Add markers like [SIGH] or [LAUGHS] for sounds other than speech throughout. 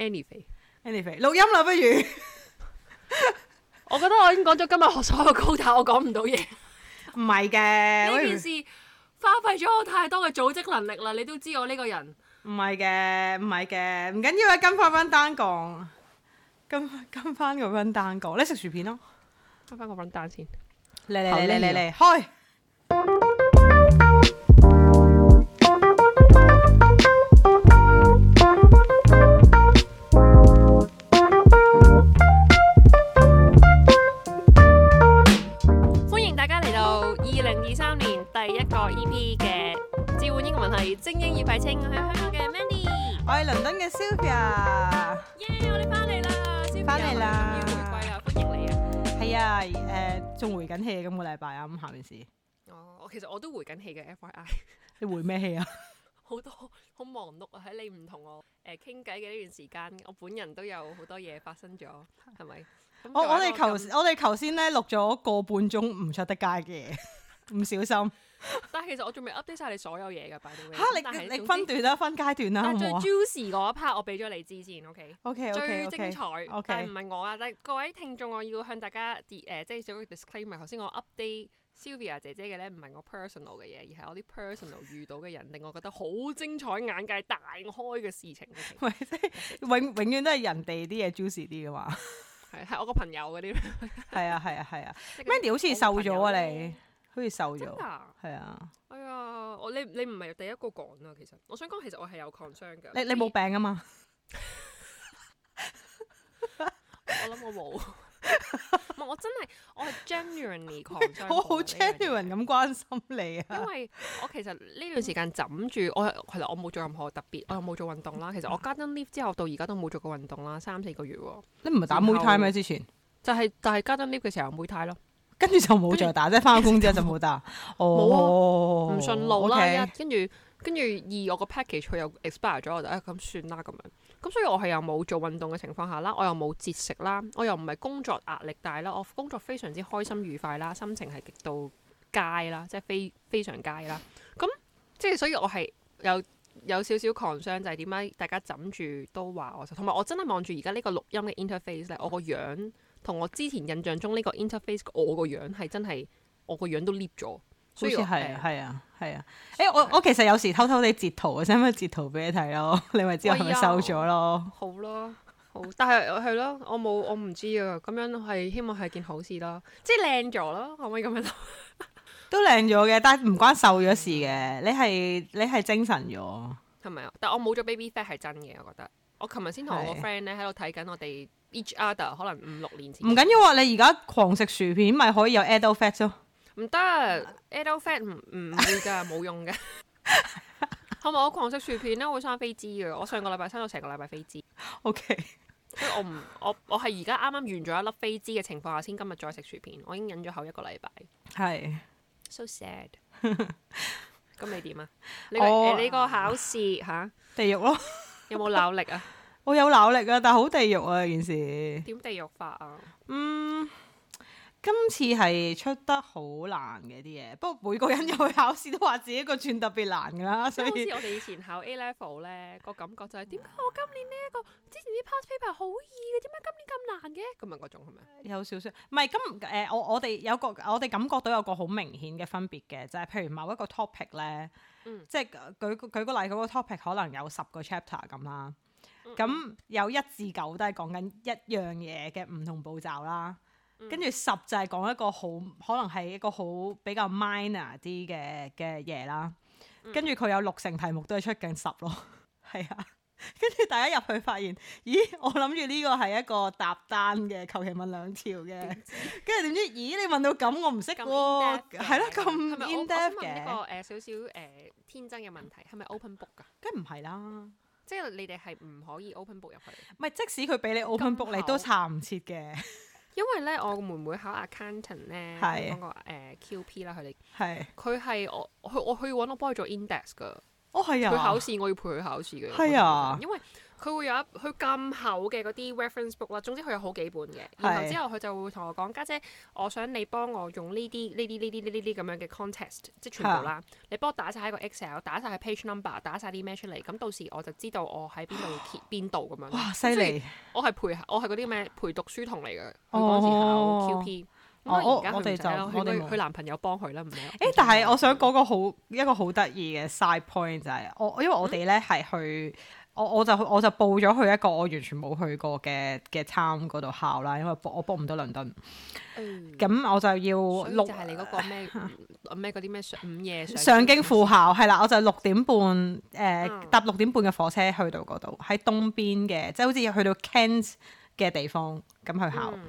anyway，anyway，錄音啦，不如。 [LAUGHS] [LAUGHS] [LAUGHS] 我覺得我已經講咗今日學所有高達，我講唔到嘢。唔係嘅，呢 [LAUGHS] [LAUGHS] 件事花費咗我太多嘅組織能力啦。你都知我呢個人。唔係嘅，唔係嘅，唔緊要啊，跟翻個單槓，跟跟翻個單槓，你食薯片咯，跟翻個單槓先，來來來來，嚟嚟嚟嚟嚟嚟，開。係精英與快車，我係香港嘅 Manny 我係倫敦嘅 Sylvia 耶！Via, 我哋翻嚟啦 s 翻嚟啦，要回歸啊，歡迎你啊。係啊、嗯，誒，仲、呃、回緊氣啊，今個禮拜啊，咁下件事。哦，其實我都回緊氣嘅，FYI。 [LAUGHS] 你回咩氣啊？ [LAUGHS] 好多好忙碌啊！喺你唔同我誒傾偈嘅呢段時間，我本人都有好多嘢發生咗，係咪？我 [LAUGHS] 我哋頭我哋頭先咧錄咗個半鐘唔出得街嘅。唔小心，但係其實我仲未 update 晒你所有嘢噶，by the way。吓，你你分段啦，分階段啦，係嘛？最 juicy 嗰 part 我俾咗你知先，OK？OK，最精彩，但係唔係我啊，但係各位聽眾，我要向大家，誒，即係做一個 disclaimer。頭先我 update Sylvia 姐姐嘅咧，唔係我 personal 嘅嘢，而係我啲 personal 遇到嘅人，令我覺得好精彩眼界大開嘅事情。係，即係永永遠都係人哋啲嘢 juicy 啲嘅嘛？係係我個朋友嗰啲。係啊係啊係啊，Mandy 好似瘦咗啊你。好似瘦咗，係啊，係啊，哎、呀我你你唔係第一個講啊，其實我想講，其實我係有 concern 嘅。你為你冇病啊嘛？ [LAUGHS] 我諗我冇，唔係 [LAUGHS] [LAUGHS] 我真係我係 genuinely c o 我好 genuine 咁關心你啊是！因為我其實呢段時間枕住，我又係啦，我冇做任何特別，我又冇做運動啦。其實我加薪 l i f t 之後到而家都冇做過運動啦，三四個月。你唔係打妹胎咩？之前就係但係加薪 l i f t 嘅時候妹 t i 咯。跟住就冇再打， [LAUGHS] 即係翻工之後就冇打。 [LAUGHS] 哦，冇啊，唔順路啦。跟住跟住二，2, 我個 package 佢又 expire 咗，我就誒，咁算啦咁樣。咁所以我係又冇做運動嘅情況下啦，我又冇節食啦，我又唔係工作壓力大啦，我工作非常之開心愉快啦，心情係極度佳啦，即係非非常佳啦。咁即係所以我，我係有有少少創傷，就係點解大家枕住都話我同埋我真係望住而家呢個錄音嘅 interface 咧，我個樣。同我之前印象中呢個 interface，我個樣係真係我個樣都 lift 咗，好似係、呃、啊，係啊，係啊。誒、欸，我、啊、我，我其實有時偷偷地截圖，使唔使截圖俾你睇咯？ [LAUGHS] 你咪知我係咪瘦咗咯？哎、好咯，好，但係係咯，我冇，我唔知啊。咁樣係希望係件好事啦， [LAUGHS] 即係靚咗咯，可唔可以咁樣 [LAUGHS] 都靚咗嘅，但係唔關瘦咗事嘅，你係你係精神咗，係咪啊？但我冇咗 baby fat 係真嘅，我覺得。我琴日先同我個 friend 咧喺度睇緊我哋。Each other 可能五六年前唔緊要喎，你而家狂食薯片咪可以有 addo fat 咯行？唔得，addo fat 唔唔會噶，冇用嘅。係咪 [LAUGHS] 我狂食薯片咧，我會生飛滋嘅。我上個禮拜生到成個禮拜飛滋。O Okay . K，所以我唔我我係而家啱啱完咗一粒飛滋嘅情況下，先今日再食薯片。我已經忍咗後一個禮拜。係是。So sad。咁 [LAUGHS] 你點啊？你個、oh. 欸、你個考試吓地獄咯？有冇腦力啊？我有腦力啊，但係好地獄啊！件事點地獄法啊？嗯，今次係出得好難嘅啲嘢， [LAUGHS] 不過每個人入去考試都話自己個卷特別難噶啦， [LAUGHS] 所以 [LAUGHS] 好似我哋以前考 A Level 咧 [LAUGHS] 個感覺就係點解我今年呢、這個、呃、一個之前啲 past paper 好易嘅，點解今年咁難嘅咁啊？嗰種係咪？有少少唔係今誒，我我哋有個我哋感覺到有個好明顯嘅分別嘅，就係、是、譬如某一個 topic 咧，即係、嗯、舉舉個例，嗰個 topic 可能有十個 chapter 咁啦。咁、嗯、有一至九都係講緊一樣嘢嘅唔同步驟啦，跟住、嗯、十就係講一個好可能係一個好比較 minor 啲嘅嘅嘢啦，跟住佢有六成題目都係出緊十咯，係 [LAUGHS] 啊，跟住大家入去發現，咦？我諗住呢個係一個搭單嘅，求其問兩條嘅，跟住點知？咦？你問到咁我唔識喎，係咯，咁 in depth 嘅。我想問一個誒少少誒天真嘅問題，係咪 open book 噶？梗唔係啦。即係你哋係唔可以 open book 入去？唔係，即使佢俾你 open book，你都查唔切嘅。因為咧，我個妹妹考 accountant 咧，講話誒 QP 啦，佢哋係佢係我去我去揾我幫佢做 index 噶。哦，係啊，佢考試我要陪佢考試嘅。係啊呀，因為。佢會有一佢咁厚嘅嗰啲 reference book 啦，總之佢有好幾本嘅。然後之後佢就會同我講：家姐，我想你幫我用呢啲呢啲呢啲呢啲咁樣嘅 contest 即係全部啦。你幫我打晒喺個 Excel，打晒喺 page number，打晒啲咩出嚟。咁到時我就知道我喺邊度貼邊度咁樣。哇！犀利！我係陪我係嗰啲咩陪讀書童嚟嘅，我嗰時考 QP。我啊，而家哋就佢佢男朋友幫佢啦，唔係。誒，但係我想講個好一個好得意嘅 side point 就係我，因為我哋咧係去。我我就我就報咗去一個我完全冇去過嘅嘅參嗰度考啦，因為我 book 唔到倫敦，咁、嗯、我就要六係你嗰個咩咩嗰啲咩上午夜上京赴考係啦，嗯嗯、我就六點半誒、呃、搭六點半嘅火車去到嗰度，喺東邊嘅即係好似去到 Kent 嘅地方咁去考。嗯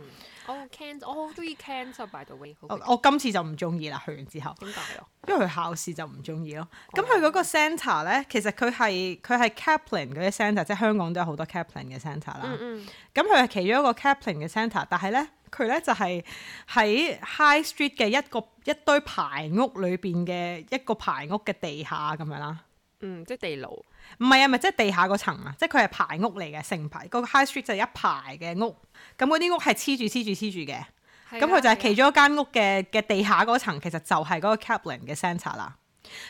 我 can 我好中意 can，so by the way，okay. oh, 我今次就唔中意啦，去完之後。點解？因為佢考試就唔、oh, 中意咯。咁佢嗰個 centre 咧，其實佢係佢係 Kaplan 嗰啲 centre，即係香港都有好多 Kaplan 嘅 centre 啦。咁佢係其中一個 Kaplan 嘅 centre，但係咧，佢咧就係、是、喺 high street 嘅一個一堆排屋裏邊嘅一個排屋嘅地下咁樣啦。嗯，即地牢，唔係啊，咪即地下嗰層啊，即佢係排屋嚟嘅，成排個 high street 就係一排嘅屋，咁嗰啲屋係黐住黐住黐住嘅，咁佢的就係其中一間屋嘅嘅的地下嗰層，其實就係嗰個 cabin 嘅 centre 啦。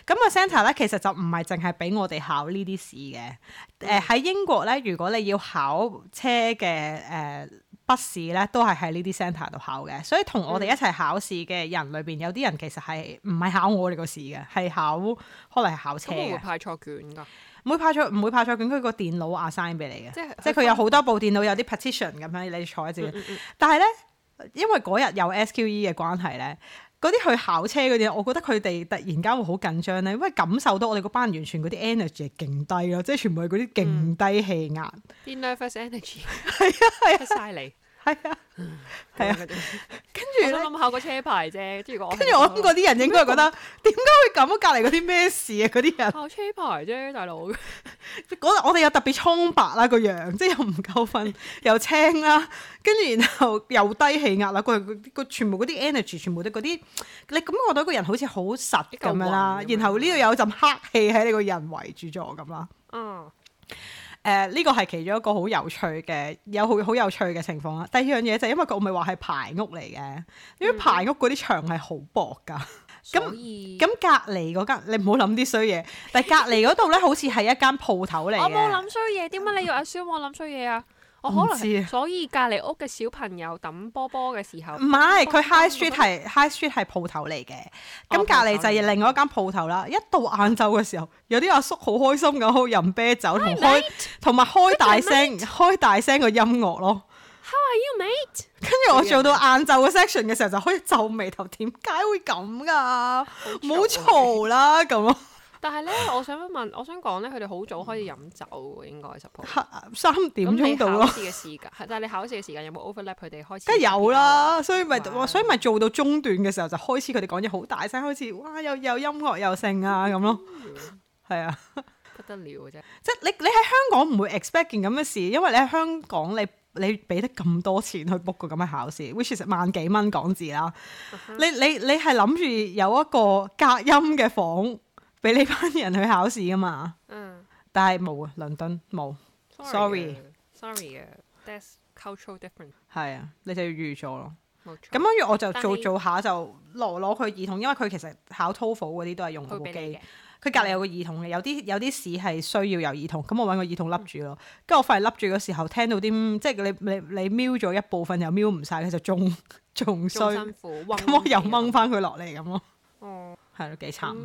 咁、個 centre 咧，其實就唔係淨係俾我哋考呢啲試嘅。誒喺、嗯呃、英國咧，如果你要考車嘅誒。呃筆試咧都係喺呢啲 centre 度考嘅，所以同我哋一齊考試嘅人裏邊有啲人其實係唔係考我哋個試嘅，係考可能考車嘅。會唔會派錯卷噶？唔會派錯，唔會派錯卷。佢個電腦 assign 俾你嘅，即係即係佢有好多部電腦有啲 partition 咁樣，你坐喺自己。嗯嗯嗯、但係咧，因為嗰日有 SQE 嘅關係咧，嗰啲去考車嗰啲，我覺得佢哋突然間會好緊張咧，因為感受到我哋嗰班完全嗰啲 energy 係勁低咯，即係全部係嗰啲勁低氣壓。nervous energy 係啊係啊，晒你。 [MUSIC] 係啊，係啊，跟住我諗下個車牌啫，跟住我諗嗰啲人應該覺得，點解會咁？隔籬嗰啲咩事啊？嗰啲人考車牌啫，大佬，嗰我哋又特別蒼白啦個樣，即係又唔夠瞓，又青啦，跟住然後又低氣壓啦，個個全部嗰啲 energy，全部都嗰啲，你感覺到一個人好似好實咁樣啦，然後呢度有陣黑氣喺你個人圍住咗咁啦，嗯。誒呢個係其中一個好有趣嘅，有好好有趣嘅情況啦。第二樣嘢就係因為唔係話係排屋嚟嘅，嗯、因為排屋嗰啲牆係好薄㗎。咁咁隔離嗰間，你唔好諗啲衰嘢。但係隔離嗰度咧，好似係一間鋪頭嚟嘅。我冇諗衰嘢，點解你要 assume 我諗衰嘢啊？我可能所以隔離屋嘅小朋友抌波波嘅時候，唔係佢 High Street 係 High Street 係鋪頭嚟嘅，咁隔離就係另外一間鋪頭啦。一到晏晝嘅時候，有啲阿叔好開心咁好飲啤酒同開同埋開大聲開大聲個音樂咯。How are you, mate？跟住我做到晏晝嘅 section 嘅時候，就可以皺眉頭，點解會咁噶？冇嘈啦，咁啊！但係咧，我想問，我想講咧，佢哋好早開始飲酒喎，應該十 p 三點鐘到咯。試嘅時間， [LAUGHS] 但係你考試嘅時間有冇 overlap？佢哋開始梗係有啦，所以咪哇所以咪做到中段嘅時候就開始佢哋講嘢好大聲，開始哇又又音樂又盛啊咁、嗯、咯，係、嗯、啊，不得了嘅啫！即係你你喺香港唔會 expect 件咁嘅事，因為你喺香港你你俾得咁多錢去 book 個咁嘅考試 [LAUGHS] ，which is 萬幾蚊港紙啦， [LAUGHS] 你你你係諗住有一個隔音嘅房。俾呢班人去考試噶嘛？嗯，但係冇啊，倫敦冇。Sorry，Sorry 啊，That's cultural difference。係啊，你就要預咗咯。冇錯。咁跟住我就做做下就攞攞佢耳筒，因為佢其實考 TOEFL 嗰啲都係用部機，佢隔離有個耳筒嘅，有啲有啲試係需要有耳筒，咁我揾個耳筒笠住咯。跟住我翻嚟笠住嘅時候，聽到啲即係你你你瞄咗一部分又瞄唔晒，佢就仲仲衰。辛苦。咁我又掹翻佢落嚟咁咯。哦。係咯，幾慘。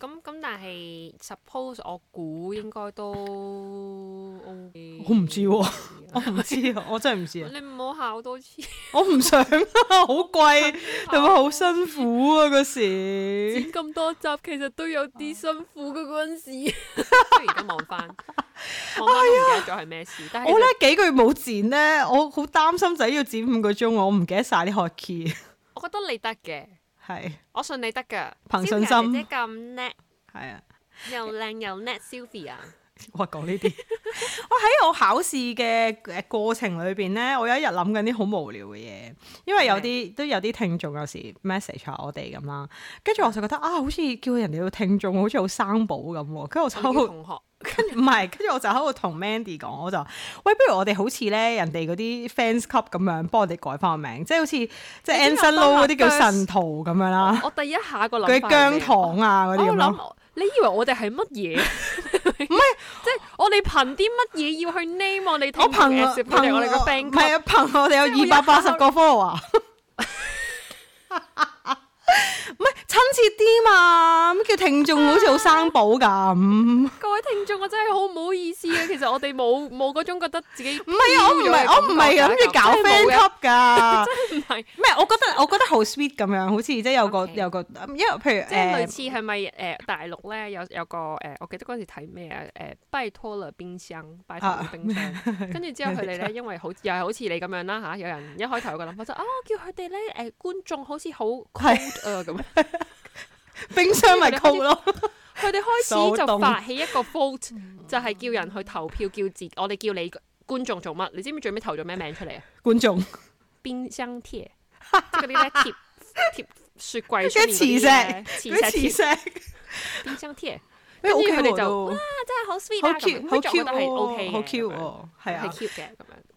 咁咁，但係 suppose 我估應該都 OK。我唔知喎，我唔知啊，我真係唔知啊。你唔好考多次。我唔想，好貴同埋好辛苦啊！嗰時剪咁多集，其實都有啲辛苦嘅嗰陣時。雖然都望翻，我唔記得咗係咩事。我咧幾個月冇剪咧，我好擔心仔要剪五個鐘，我唔記得晒啲學 key。我覺得你得嘅。係，是我信你得噶。憑信心咁叻，係啊，又靚又叻 Sophie 啊，哇，講呢啲， [LAUGHS] 我喺我考試嘅誒過程裏邊咧，我有一日諗緊啲好無聊嘅嘢，因為有啲都的有啲聽眾有時 message 我哋咁啦，跟住我就覺得啊，好似叫人哋要聽眾，好似好生保咁。跟住我抽同學。跟唔係？跟住 [LAUGHS] 我就喺度同 Mandy 講，我就喂，不如我哋好似咧人哋嗰啲 fans club 咁樣，幫我哋改翻個名，即係好似知即係 Anson Lo 嗰啲叫神徒咁樣啦。我第一下個諗，佢薑糖啊嗰啲咁咯。你以為我哋係乜嘢？唔係 [LAUGHS] 是， [LAUGHS] 即係我哋憑啲乜嘢要去 name 我哋？我憑憑憑我哋個 fans club，唔係啊，憑我哋有二百八十個 follower 唔係。親切啲嘛，叫聽眾好似好生寶咁、啊。各位聽眾，我 [LAUGHS] 真係好唔好意思啊！其實我哋冇冇嗰種覺得自己唔係啊！我唔係我唔係諗住搞 fans cup 㗎， [LAUGHS] 真唔係。咩？我覺得我覺得好 sweet 咁樣，好似即係有個 Okay. 有個，因為譬如即係類似係咪誒大陸咧有有個誒、呃？我記得嗰陣時睇咩啊？誒、呃，拜託啦冰箱，拜託啦冰箱。啊、跟住之後佢哋咧，因為好又係好似你咁樣啦嚇、啊，有人一開頭、那個諗法就啊，叫佢哋咧誒觀眾好似好 c o l 冰箱咪酷咯！佢哋開始就發起一個 vote，就係叫人去投票，叫自我哋叫你觀眾做乜？你知唔知最尾投咗咩名出嚟啊？觀眾冰箱貼，即係嗰啲咧貼貼雪櫃上面磁石，磁石冰箱貼。跟住佢哋就哇，真係好 sweet 啊！咁啲作品都係 OK 好 cute 喎，啊，係 cute 嘅咁樣。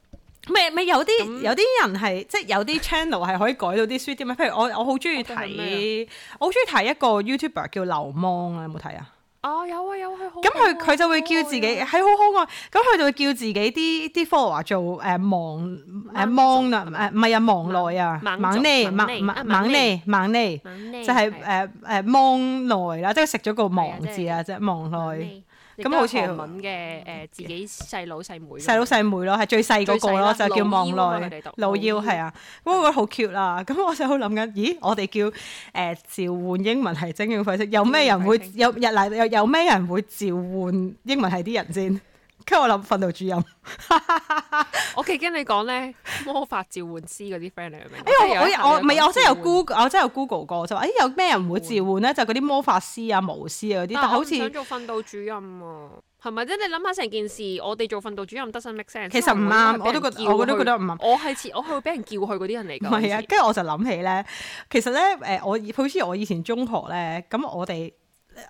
唔係，唔係有啲有啲人係即係有啲 channel 係可以改到啲書啲咩？譬如我我好中意睇，我好中意睇一個 YouTuber 叫劉芒啊！有冇睇啊？哦，有啊，有係好。咁佢佢就會叫自己係好可愛，咁佢就會叫自己啲啲 follower 做誒芒誒芒啦，唔係啊，芒內啊，猛呢，猛猛呢，猛呢就係誒誒芒內啦，即係食咗個芒字啊！即係芒內。咁好似韓文嘅誒、呃、自己細佬細妹細佬細妹咯，係最細嗰個咯，就叫望內老幺係啊，咁對 我覺得好 cute 啦。咁我就喺度諗緊，咦？我哋叫誒、呃、召喚英文系精英灰色，有咩人會有日嗱有有咩人會召喚英文系啲人先？跟住我諗訓導主任， [LAUGHS] 我其實驚你講咧魔法召喚師嗰啲 friend 嚟嘅咩？明？誒、欸，我我唔係我，我，就我，我真係有 Google，我真係有 Google 過就誒、欸，有咩人會召喚咧？援就嗰啲魔法師啊、巫師啊嗰啲，但好似想做訓導主任啊，係咪？即、啊、你諗下成件事，我哋做訓導主任得身 make sense？其實唔啱，我都覺，我都覺得唔啱。我係似我係會俾人叫佢嗰啲人嚟噶，係啊？跟住我就諗起咧，其實咧，誒，我好似我以前中學咧，咁我哋。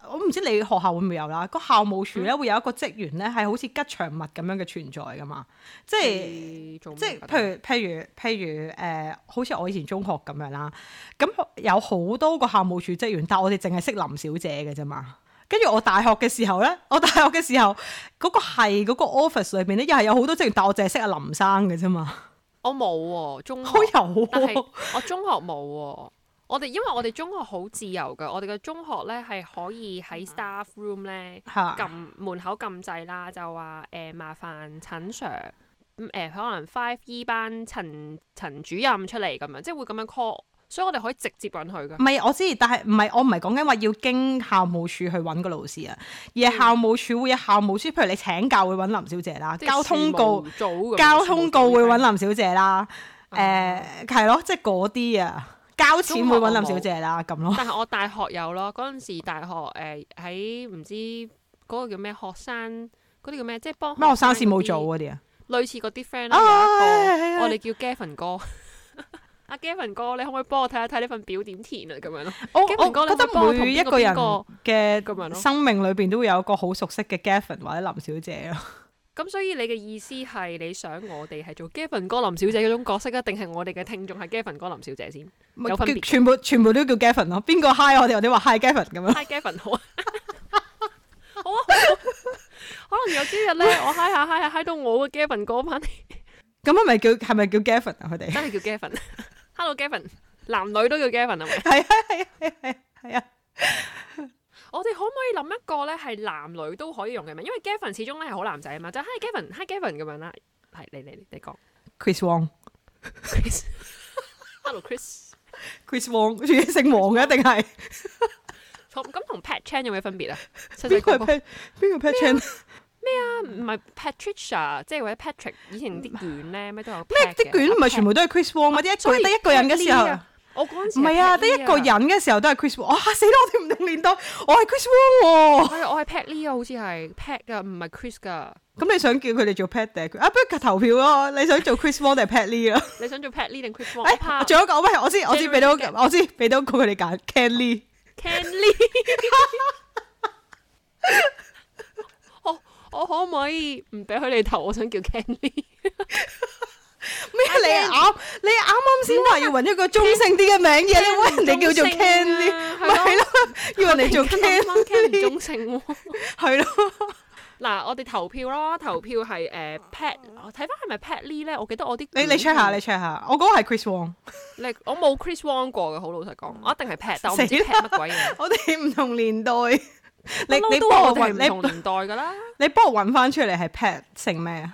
我唔知你學校會唔會有啦，個校務處咧會有一個職員咧係好似吉祥物咁樣嘅存在噶嘛？即係即係，譬如、譬如、譬如，誒、呃，好似我以前中學咁樣啦，咁有好多個校務處職員，但係我哋淨係識林小姐嘅啫嘛。跟住我大學嘅時候咧，我大學嘅時候嗰、嗰個係嗰個 office 裏邊咧，又係有好多職員，但我淨係識阿林生嘅啫嘛。我冇、啊，中好有、啊，我中學冇、啊。我哋因為我哋中學好自由噶，我哋嘅中學咧係可以喺 staff room 咧撳門口撳掣啦，就話誒、呃、麻煩陳 Sir 誒、呃、可能 five E 班陳陳主任出嚟咁樣，即係會咁樣 call，所以我哋可以直接揾佢嘅。唔係我知，但係唔係我唔係講緊話要經校務處去揾個老師啊，而係校務處會有校務處，譬如你請教會揾林小姐啦，是交通告交通告會揾林小姐啦，誒係咯，即係嗰啲啊。交錢會搵林小姐啦，咁咯。但係我大學有咯，嗰陣 [LAUGHS] 時大學誒喺唔知嗰，那個叫咩學生嗰啲，那個、叫咩，即係幫咩學生，生事冇做嗰啲啊。類似嗰啲 friend 我哋叫 Gavin 哥，阿、 [LAUGHS] 啊、Gavin 哥，你可唔可以幫我睇一睇呢份表點填啊？咁樣咯。哦、可可我我、哦哦、覺得每一個人嘅咁生命裏邊都會有一個好熟悉嘅 Gavin 或者林小姐咯。 [LAUGHS] 咁所以你嘅意思係你想我哋係做 Gavin 哥林小姐嗰種角色啊，定係我哋嘅聽眾係 Gavin 哥林小姐先？有分別全部全部都叫 Gavin 咯，邊個 hi 我哋我哋話 hi Gavin 咁樣？Hi Gavin 好啊，好啊，可能有朝日咧我 hi 下 hi 下 hi 到我嘅 Gavin 哥返嚟，咁係咪叫係咪叫 Gavin 啊佢哋？真係叫 Gavin，Hello Gavin，男女都叫 Gavin 係咪？係啊係啊係啊係啊！我哋可唔可以諗一個咧，係男女都可以用嘅名？因為 Gavin 始終咧，係好男仔啊嘛，就係 Gavin，係 Gavin 咁樣啦。係，嚟嚟嚟，你講。Chris Wong。Hello，Chris。Chris Wong，姓王嘅一定係？咁同 Pat Chan 有咩分別啊？邊個 Pat？邊個 Pat Chan？咩啊？唔係 Patricia，即係或者 Patrick。以前啲卷咧，咩都有 Pat 嘅。咩啲卷唔係全部都係 Chris Wong？我啲一得一個人嘅時候。唔係啊，得一個人嘅時候都係 Chris Wong。死啦，我哋唔同年代。我係 Chris Wong 喎。我係 Pat Lee 啊，好似係 Pat 㗎，唔係 Chris 㗎。咁你想叫佢哋做 Pat 定？啊，不如投票咯。你想做 Chris Wong 定 Pat Lee 啊？你想做 Pat Lee 定 Chris Wong？仲有一個，唔我知，我知俾到，我知俾到佢哋揀 Can Lee。Can Lee。我我可唔可以唔俾佢哋投？我想叫 Can Lee。.咩你啱？你啱啱先話要搵一個中性啲嘅名嘅，你屈人哋叫做 Ken 啲，咪係咯？要人哋做 Ken 啲，唔中性喎，係咯？嗱，我哋投票咯，投票係誒 Pat，我睇翻係咪 Pat Lee 咧？我記得我啲你你 check 下，你 check 下，我嗰個係 Chris Wong，你我冇 Chris Wong 過嘅，好老實講，我一定係 Pat，但我唔知 Pat 乜鬼嘢。我哋唔同年代，你你幫我搵唔同年代噶啦，你幫我搵翻出嚟係 Pat 姓咩啊？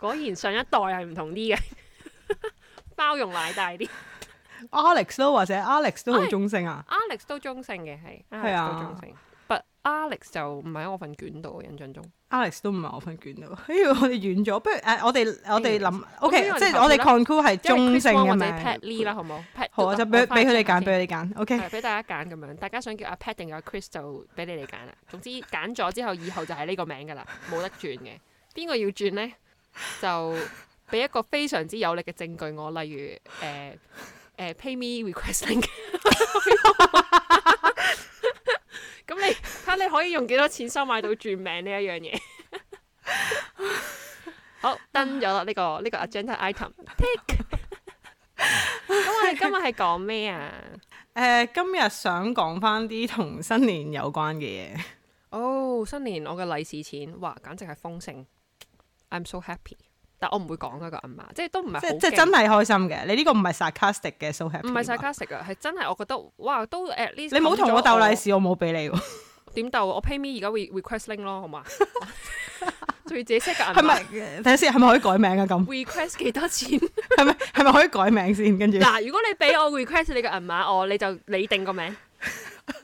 果然上一代係唔同啲嘅，包容奶大啲。Alex 都或者 Alex 都好中性啊。Alex 都中性嘅，係係啊。But Alex 就唔係我份卷度，印象中 Alex 都唔係我份卷度。哎呀，我哋遠咗，不如誒，我哋我哋諗。O K，即係我哋 conclude 係中性嘅名。Pat Lee 啦，好唔好，好，我就俾俾佢哋揀，俾佢哋揀。O K，俾大家揀咁樣。大家想叫阿 Pat 定阿 Chris 就俾你哋揀啦。總之揀咗之後，以後就係呢個名㗎啦，冇得轉嘅。邊個要轉咧？就俾一個非常之有力嘅證據我，例如誒誒、呃呃、，pay me requesting，咁 [LAUGHS] [LAUGHS] [LAUGHS] 你睇下你可以用幾多錢收買到轉名呢一樣嘢？ [LAUGHS] 好，登咗啦，呢、這個呢 [LAUGHS] 個 agenda item take。 [LAUGHS] [LAUGHS] 咁我哋今日係講咩啊？誒，今日想講翻啲同新年有關嘅嘢。哦，oh, 新年我嘅利是錢，哇，簡直係豐盛。I'm so happy，但我唔會講嗰個銀碼，即係都唔係即係真係開心嘅。你呢個唔係 sarcastic 嘅 so happy，唔係 sarcastic 啊，係真係我覺得哇，都誒你唔好同我鬥利是，我冇俾你。點鬥？我 pay me 而家會 request link 咯，好嘛？仲要自己 set 銀碼，係咪睇下先？係咪可以改名啊？咁 request 幾多錢？係咪係咪可以改名先？跟住嗱，如果你俾我 request 你嘅銀碼，我你就你定個名。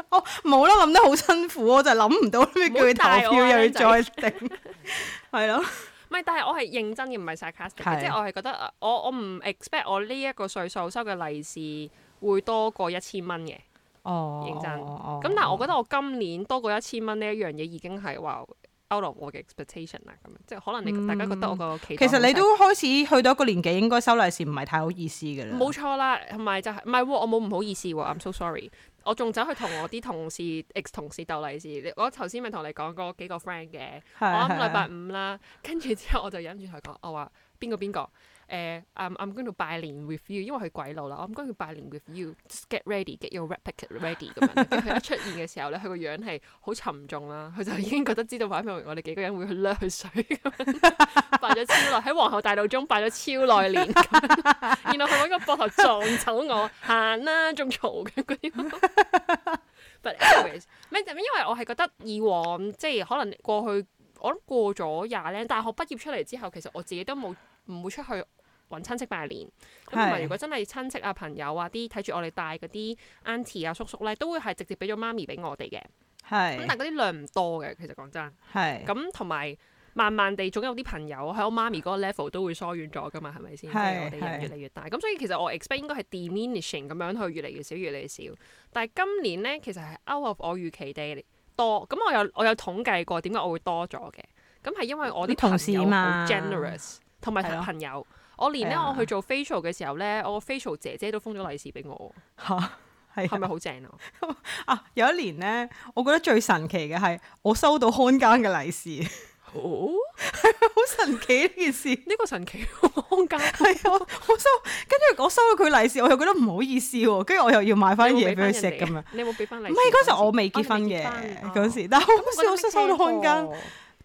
哦，冇啦，諗得好辛苦，我就諗唔到，要叫佢投票，又要再定，係咯唔係，但係我係認真嘅，唔係 sarcastic 嘅，即係我係覺得，我我唔 expect 我呢一個歲數收嘅利是會多過一千蚊嘅。哦，oh。認真。咁但係我覺得我今年多過一千蚊呢一樣嘢已經係話 out of 我嘅 expectation 啦。咁樣即係可能你大家覺得我個期、嗯、其實你都開始去到一個年紀，應該收利是唔係太好意思嘅啦。冇錯啦，同埋就係唔係我冇唔好意思喎，I'm so sorry。我仲走去同我啲同事 [LAUGHS] ex 同事鬥利是，我頭先咪同你講過幾個 friend 嘅， [LAUGHS] 我諗禮拜五啦，跟住之後我就忍住佢講，我話邊個邊個。I'm going 誒，我我剛到拜年 with you，因為佢鬼佬啦，我剛要拜年 with you，just get ready，get your red packet ready 咁樣。佢一出現嘅時候咧，佢個 [LAUGHS] 樣係好沉重啦，佢就已經覺得知道擺明我哋幾個人會去掠佢水，咁樣 [LAUGHS] 拜咗超耐，喺皇后大道中拜咗超耐年。 [LAUGHS] 然後佢揾個膊頭撞走我，行啦、啊，仲嘈嘅啲。 [LAUGHS] But anyways，咩？ [LAUGHS] 因為我係覺得以往即係可能過去，我諗過咗廿零大學畢業出嚟之後，其實我自己都冇。唔會出去揾親戚拜年咁，同、嗯、埋是如果真係親戚啊、朋友啊啲睇住我哋帶嗰啲 aunty 啊、叔叔咧，都會係直接俾咗媽咪俾我哋嘅。係咁是，但係嗰啲量唔多嘅。其實講真係咁，同埋是、嗯、慢慢地總有啲朋友喺我媽咪嗰個 level 都會疏遠咗㗎嘛，係咪先？我哋人越嚟越大咁，所以其實我 expect 應該係 diminishing 咁樣去越嚟越少，越嚟越少。但係今年咧，其實係 out of 我預期哋多咁、嗯。我有我有，我有統計過，點解我會多咗嘅？咁係因為我啲同事，好 generous。同埋朋友，我連咧我去做 facial 嘅時候咧，我 facial 姐姐都封咗利是俾我，係咪好正啊？有一年咧，我覺得最神奇嘅係我收到看更嘅利是，哦，係咪好神奇呢件事？呢個神奇看更係啊，我收，跟住我收到佢利是，我又覺得唔好意思，跟住我又要買翻啲嘢俾佢食咁樣。你有冇俾翻利是？唔係嗰時我未結婚嘅嗰時，但係嗰時我收收到看更。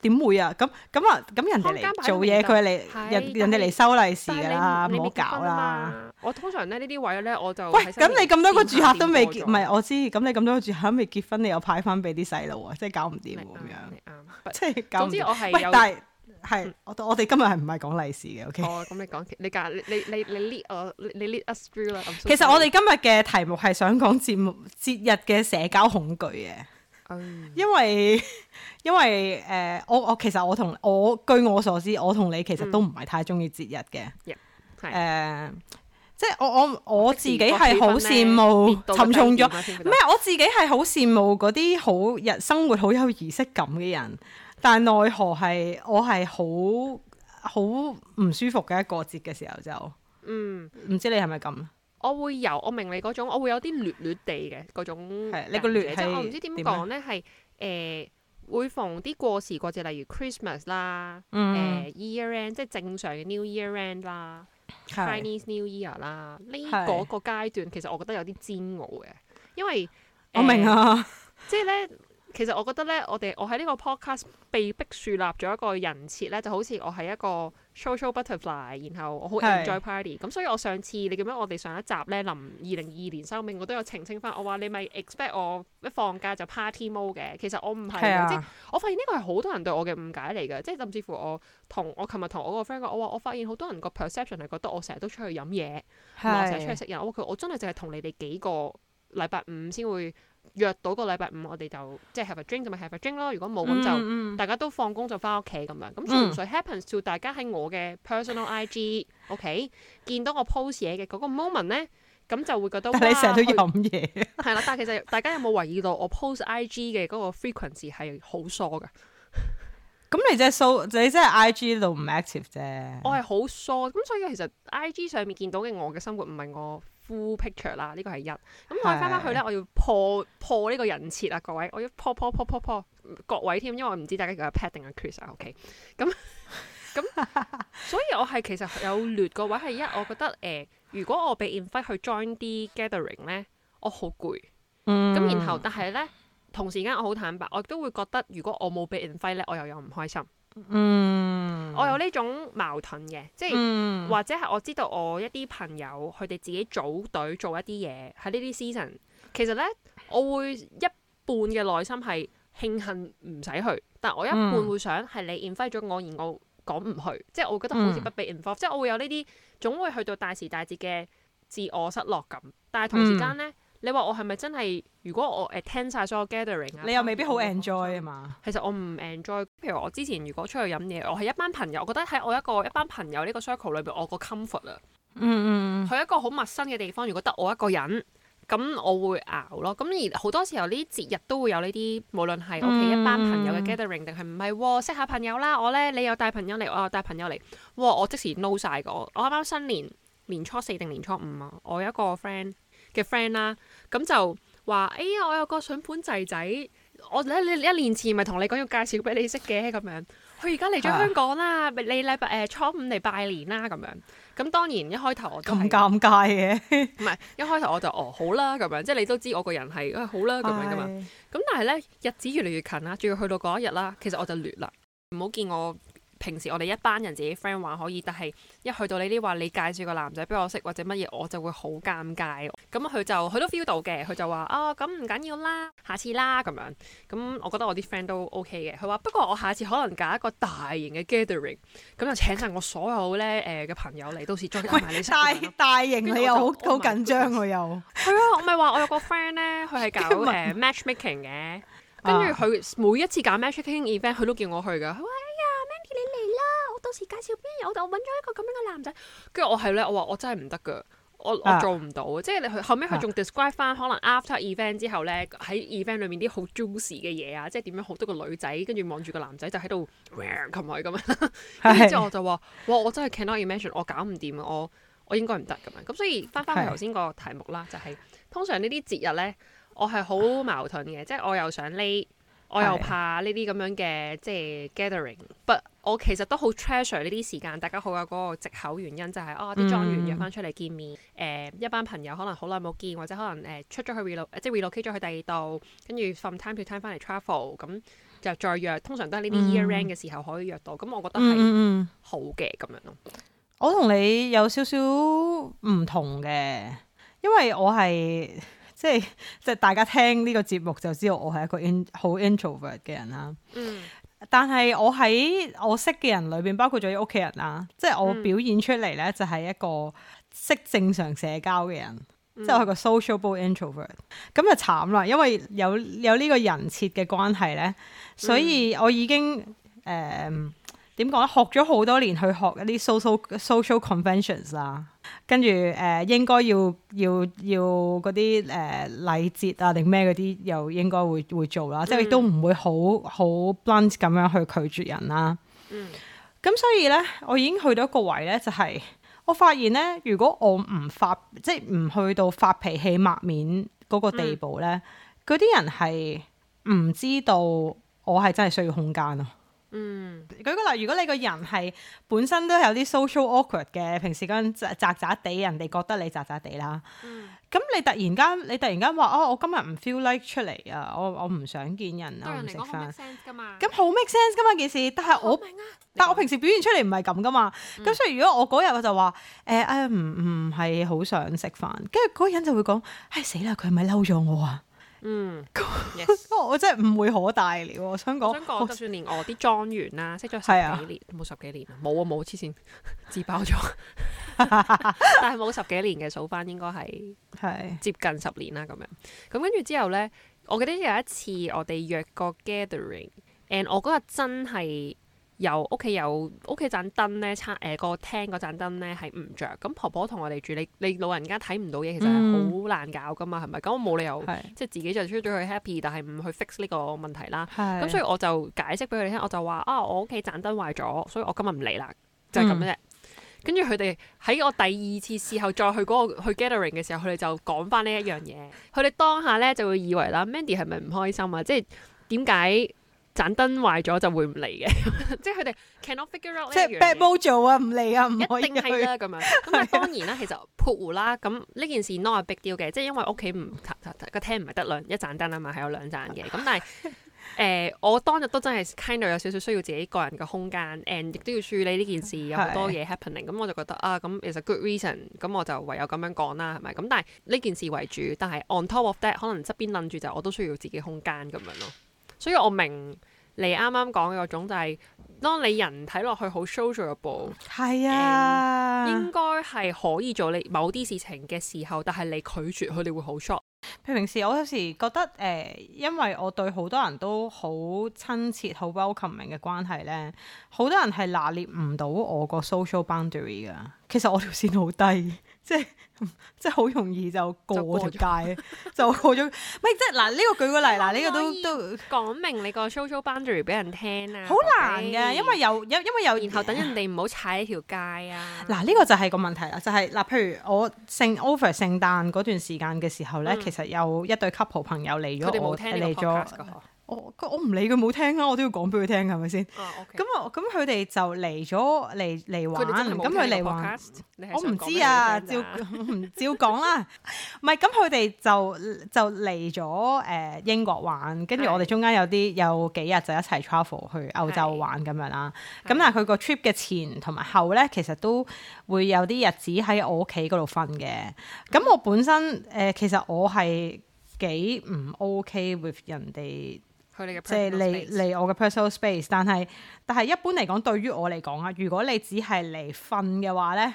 點會啊？咁咁啊，咁人哋嚟做嘢，佢嚟人人哋嚟收利是㗎啦，唔好搞啦！我通常咧呢啲位咧，我就喂，咁你咁多個住客都未結，唔係我知，咁你咁多個住客都未結婚，你又派翻俾啲細路啊，即係搞唔掂咁樣，即係搞唔。總之我係喂，但係係我我哋今日係唔係講利是嘅？OK，哦，咁你講，你教，你你你 lead 我，你 lead us through 其實我哋今日嘅題目係想講節目節日嘅社交恐懼嘅。嗯、因為因為誒、呃，我我其實我同我據我所知，我同你其實都唔係太中意節日嘅，誒、嗯呃，即係我我我自己係好羨慕沉重咗，咩？我自己係好羨慕嗰啲好日生活好有儀式感嘅人，但奈何係我係好好唔舒服嘅一個節嘅時候就，嗯，唔知你係咪咁？我會有，我明你嗰種，我會有啲劣劣地嘅嗰種嘅嘢，你個劣即係我唔知點講呢，係誒、呃、會逢啲過時過節，例如 Christmas 啦、嗯，誒、呃、Year End，即係正常嘅 New Year End 啦是，Chinese New Year 啦、呢個，呢嗰是個階段其實我覺得有啲煎熬嘅，因為、呃、我明啊，即係呢。其實我覺得咧，我哋我喺呢個 podcast 被逼樹立咗一個人設咧，就好似我係一個 social butterfly，然後我好 enjoy party。咁是、嗯、所以我上次你記唔記得我哋上一集咧，臨二零二二年收尾，我都有澄清翻，我話你咪 expect 我一放假就 party mode 嘅。其實我唔係、啊，我發現呢個係好多人對我嘅誤解嚟嘅，即係甚至乎我同我琴日同我個 friend 講，我話我，我，我發現好多人個 perception 係覺得我成日都出去飲嘢，成日是出去食人。我佢我真係淨係同你哋幾個禮拜五先會。約到個禮拜五，我哋就即係 have a drink 就咪 have a drink 咯。如果冇咁就大家都放工就翻屋企咁樣。咁純粹 happens to、嗯、大家喺我嘅 personal IG [LAUGHS] o、okay? k 見到我 post 嘢嘅嗰個 moment 咧，咁就會覺得，但你成日都要飲嘢。係啦、啊， [LAUGHS] 但係其實大家有冇懷疑到我 p o [LAUGHS] s e [LAUGHS] IG 嘅嗰個 frequency 係好疏㗎？咁你即係疏，你即係 IG 度唔 active 啫。我係好疏，咁所以其實 IG 上面見到嘅我嘅生活唔係我 Full picture 啦，這個嗯、呢個係一咁。我翻翻去咧，我要破 [LAUGHS] 破呢個人設啊，各位，我要破破破破破各位添，因為我唔知大家叫 Pat 定係 Chris 啊、okay？O K，咁咁， [LAUGHS] [LAUGHS] 所以我係其實有劣個位係一，1, 我覺得誒、呃，如果我被 invite 去 join 啲 gathering 咧，我好攰。嗯，咁然後但係咧，同時間我好坦白，我都會覺得如果我冇被 invite 咧，我又有唔開心。嗯，我有呢種矛盾嘅，即係、嗯、或者係我知道我一啲朋友佢哋自己組隊做一啲嘢喺呢啲 season，其實呢，我會一半嘅內心係慶幸唔使去，但我一半會想係你 invite 咗我而我講唔去，嗯、即係我覺得好似不被 involve，嗯、即係我會有呢啲，總會去到大時大節嘅自我失落感，但係同時間呢。嗯你話我係咪真係？如果我誒、呃、attend 晒所有 gathering，你又未必好 enjoy 啊嘛。 [MUSIC] 其實我唔 enjoy。譬如我之前如果出去飲嘢，我係一班朋友，我覺得喺我一個一班朋友呢個 circle 裏邊，我個 comfort 啊。嗯嗯嗯。去一個好陌生嘅地方，如果得我一個人，咁我會熬咯。咁而好多時候呢啲節日都會有呢啲，無論係屋企一班朋友嘅 gathering 定係唔、嗯、係識下朋友啦。我咧你又帶朋友嚟，我又帶朋友嚟，我即時 know 曬個。我啱啱新年年初四定年初五啊，我有一個 friend，嘅 friend 啦，咁就話：哎、欸、呀，我有個筍盤仔仔，我咧你一年前咪同你講要介紹俾你識嘅，咁樣佢而家嚟咗香港啦，啊、你禮拜誒初五嚟拜年啦，咁樣咁當然一開頭我咁尷尬嘅，唔 [LAUGHS] 係一開頭我就哦好啦咁樣，即係你都知我個人係、哎、好啦咁樣噶嘛，咁是但係咧日子越嚟越近啦，仲要去到嗰一日啦，其實我就劣啦，唔好見我。平時我哋一班人自己 friend 玩可以，但係一去到你啲話你介紹個男仔俾我識或者乜嘢，我就會好尷尬。咁佢就佢都 feel 到嘅，佢就話：哦，咁唔緊要啦，下次啦咁樣。咁我覺得我啲 friend 都 OK 嘅。佢話不過我下次可能揀一個大型嘅 gathering，咁就請晒我所有咧誒嘅朋友嚟，到時再 join 埋你。大大型你又好好緊張喎又。係啊，我咪話我有個 friend 咧，佢係搞 matchmaking 嘅，跟住佢每一次搞 matchmaking event，佢都叫我去㗎。介紹邊有？我我揾咗一個咁樣嘅男仔，跟住我係咧，我話我真係唔得噶，我我做唔到。即係你佢後尾，佢仲 describe 翻，可能 after event 之後咧，喺 event 裏面啲好 juicy 嘅嘢啊，即係點樣好多個女仔跟住望住個男仔就喺度，咁咪咁樣。之後我就話：哇，我真係 cannot imagine，我搞唔掂啊，我我應該唔得咁樣。咁所以翻翻去頭先個題目啦，就係通常呢啲節日咧，我係好矛盾嘅，即係我又想呢。我又怕呢啲咁樣嘅即係、就是、gathering，但係的我其實都好 treasure 呢啲時間。大家好有嗰個藉口原因就係、是嗯、哦，啲莊園約翻出嚟見面，誒、嗯呃、一班朋友可能好耐冇見，或者可能誒、呃、出咗去、呃、即係 relocate 咗去第二度，跟住 from time to time 翻嚟 travel，咁就再約。通常都係呢啲 year round 嘅時候可以約到，咁、嗯、我覺得係好嘅咁、嗯、樣咯。我同你有少少唔同嘅，因為我係。即係即係大家聽呢個節目就知道我係一個好 introvert 嘅人啦。嗯，但係我喺我識嘅人裏邊，包括咗啲屋企人啦，即係我表現出嚟咧就係一個識正常社交嘅人，嗯、即係我係個 sociable introvert。咁就慘啦，因為有有呢個人設嘅關係咧，所以我已經誒點講咧，學咗好多年去學一啲 social social conventions 啦。跟住誒、呃、應該要要要嗰啲誒禮節啊定咩嗰啲又應該會會做啦，即係亦都唔會好好 blunt 咁樣去拒絕人啦。嗯，咁所以咧，我已經去到一個位咧、就係，就係我發現咧，如果我唔發即係唔去到發脾氣抹面嗰個地步咧，嗰啲、嗯、人係唔知道我係真係需要空間咯。嗯，舉個例，如果你個人係本身都有啲 social awkward 嘅，平時嗰陣咋咋地，人哋覺得你咋咋地啦。咁、嗯、你突然間，你突然間話哦，我今日唔 feel like 出嚟啊，我我唔想見人啊，唔食飯。咁好 make sense 噶嘛？咁好 make sense 噶嘛？件事，但係我，哦、但係我平時表現出嚟唔係咁噶嘛。咁、嗯、所以如果我嗰日我就話，誒誒唔唔係好想食飯，跟住嗰個人就會講，唉、哎、死啦，佢係咪嬲咗我啊！嗯，不 Yes.、哦、我真係唔會好大了，我想講，我想講就算連我啲莊園啦，我識咗十幾年，冇、啊、十幾年，冇啊，冇黐線， [LAUGHS] 自爆咗， [LAUGHS] [LAUGHS] [LAUGHS] 但係冇十幾年嘅數返，數應該係係接近十年啦，咁樣，咁跟住之後咧，我記得有一次我哋約個 gathering，誒，我嗰日真係。由有屋企有屋企盞燈咧，差誒、呃嗰個廳嗰盞燈咧係唔着。咁婆婆同我哋住，你你老人家睇唔到嘢，其實係好難搞噶嘛，係咪、嗯？咁我冇理由是即係自己就出咗去 happy，但係唔去 fix 呢個問題啦。咁是所以我就解釋俾佢哋聽，我就話啊，我屋企盞燈壞咗，所以我今日唔嚟啦，就係咁嘅啫。跟住佢哋喺我第二次事後再去嗰、嗰個去 gathering 嘅時候，佢哋就講翻呢一樣嘢。佢哋、嗯、當下咧就會以為啦，Mandy 係咪唔開心啊？即係點解？盞燈壞咗就會唔嚟嘅， [LAUGHS] 即係佢哋 cannot figure out 即是。即係 bad mojo 啊，唔嚟啊，唔一定係啦，咁樣咁啊，當然啦，其實破壞性啦，咁呢件事 no big deal 嘅，即係 [LAUGHS] 因為屋企唔個廳唔係得兩一盞燈啊嘛，係有兩盞嘅。咁 [LAUGHS] 但係誒、呃，我當日都真係 kind of 有少少需要自己個人嘅空間 [LAUGHS] ，and 亦都要處理呢件事有好多嘢 happening。咁 [LAUGHS] 我就覺得啊，咁其實 good reason，咁我就唯有咁樣講啦，係咪？咁但係呢件事為主，但係 on top of that，可能側邊諗住就我都需要自己空間咁樣咯。所以我明你啱啱講嗰種、就是，就係當你人睇落去好 sociable，係啊、嗯，應該係可以做你某啲事情嘅時候，但係你拒絕佢哋會好 short。平時我有時覺得誒、呃，因為我對好多人都好親切、好 welcoming 嘅關係咧，好多人係拿捏唔到我個 social boundary 㗎。其實我條線好低，即係。 [LAUGHS] 即係好容易就過條街，就過咗。唔係即係嗱，呢個舉個例，嗱呢個都都講明你個 social boundary 俾人聽啊。好難㗎，因為有因因為有然後等人哋唔好踩呢條街啊。嗱呢個就係個問題啦，就係嗱，譬如我聖 over 聖誕嗰段時間嘅時候咧，其實有一對 couple 朋友嚟咗我嚟咗。我唔理佢冇聽啊，我都要講俾佢聽，係咪先？咁咁佢哋就嚟咗嚟嚟玩，咁佢嚟玩，我唔知啊，照唔照講啦。唔係， [LAUGHS] 咁佢哋就就嚟咗誒英國玩，跟住我哋中間有啲有幾日就一齊 travel 去歐洲玩咁是樣啦。咁是但係佢個 trip 嘅前同埋後咧，其實都會有啲日子喺我屋企嗰度瞓嘅。咁 [LAUGHS] 我本身誒、呃，其實我係幾唔 OK with 人哋。即係嚟嚟我嘅 personal space，但係但係一般嚟講，對於我嚟講啊，如果你只係嚟瞓嘅話咧，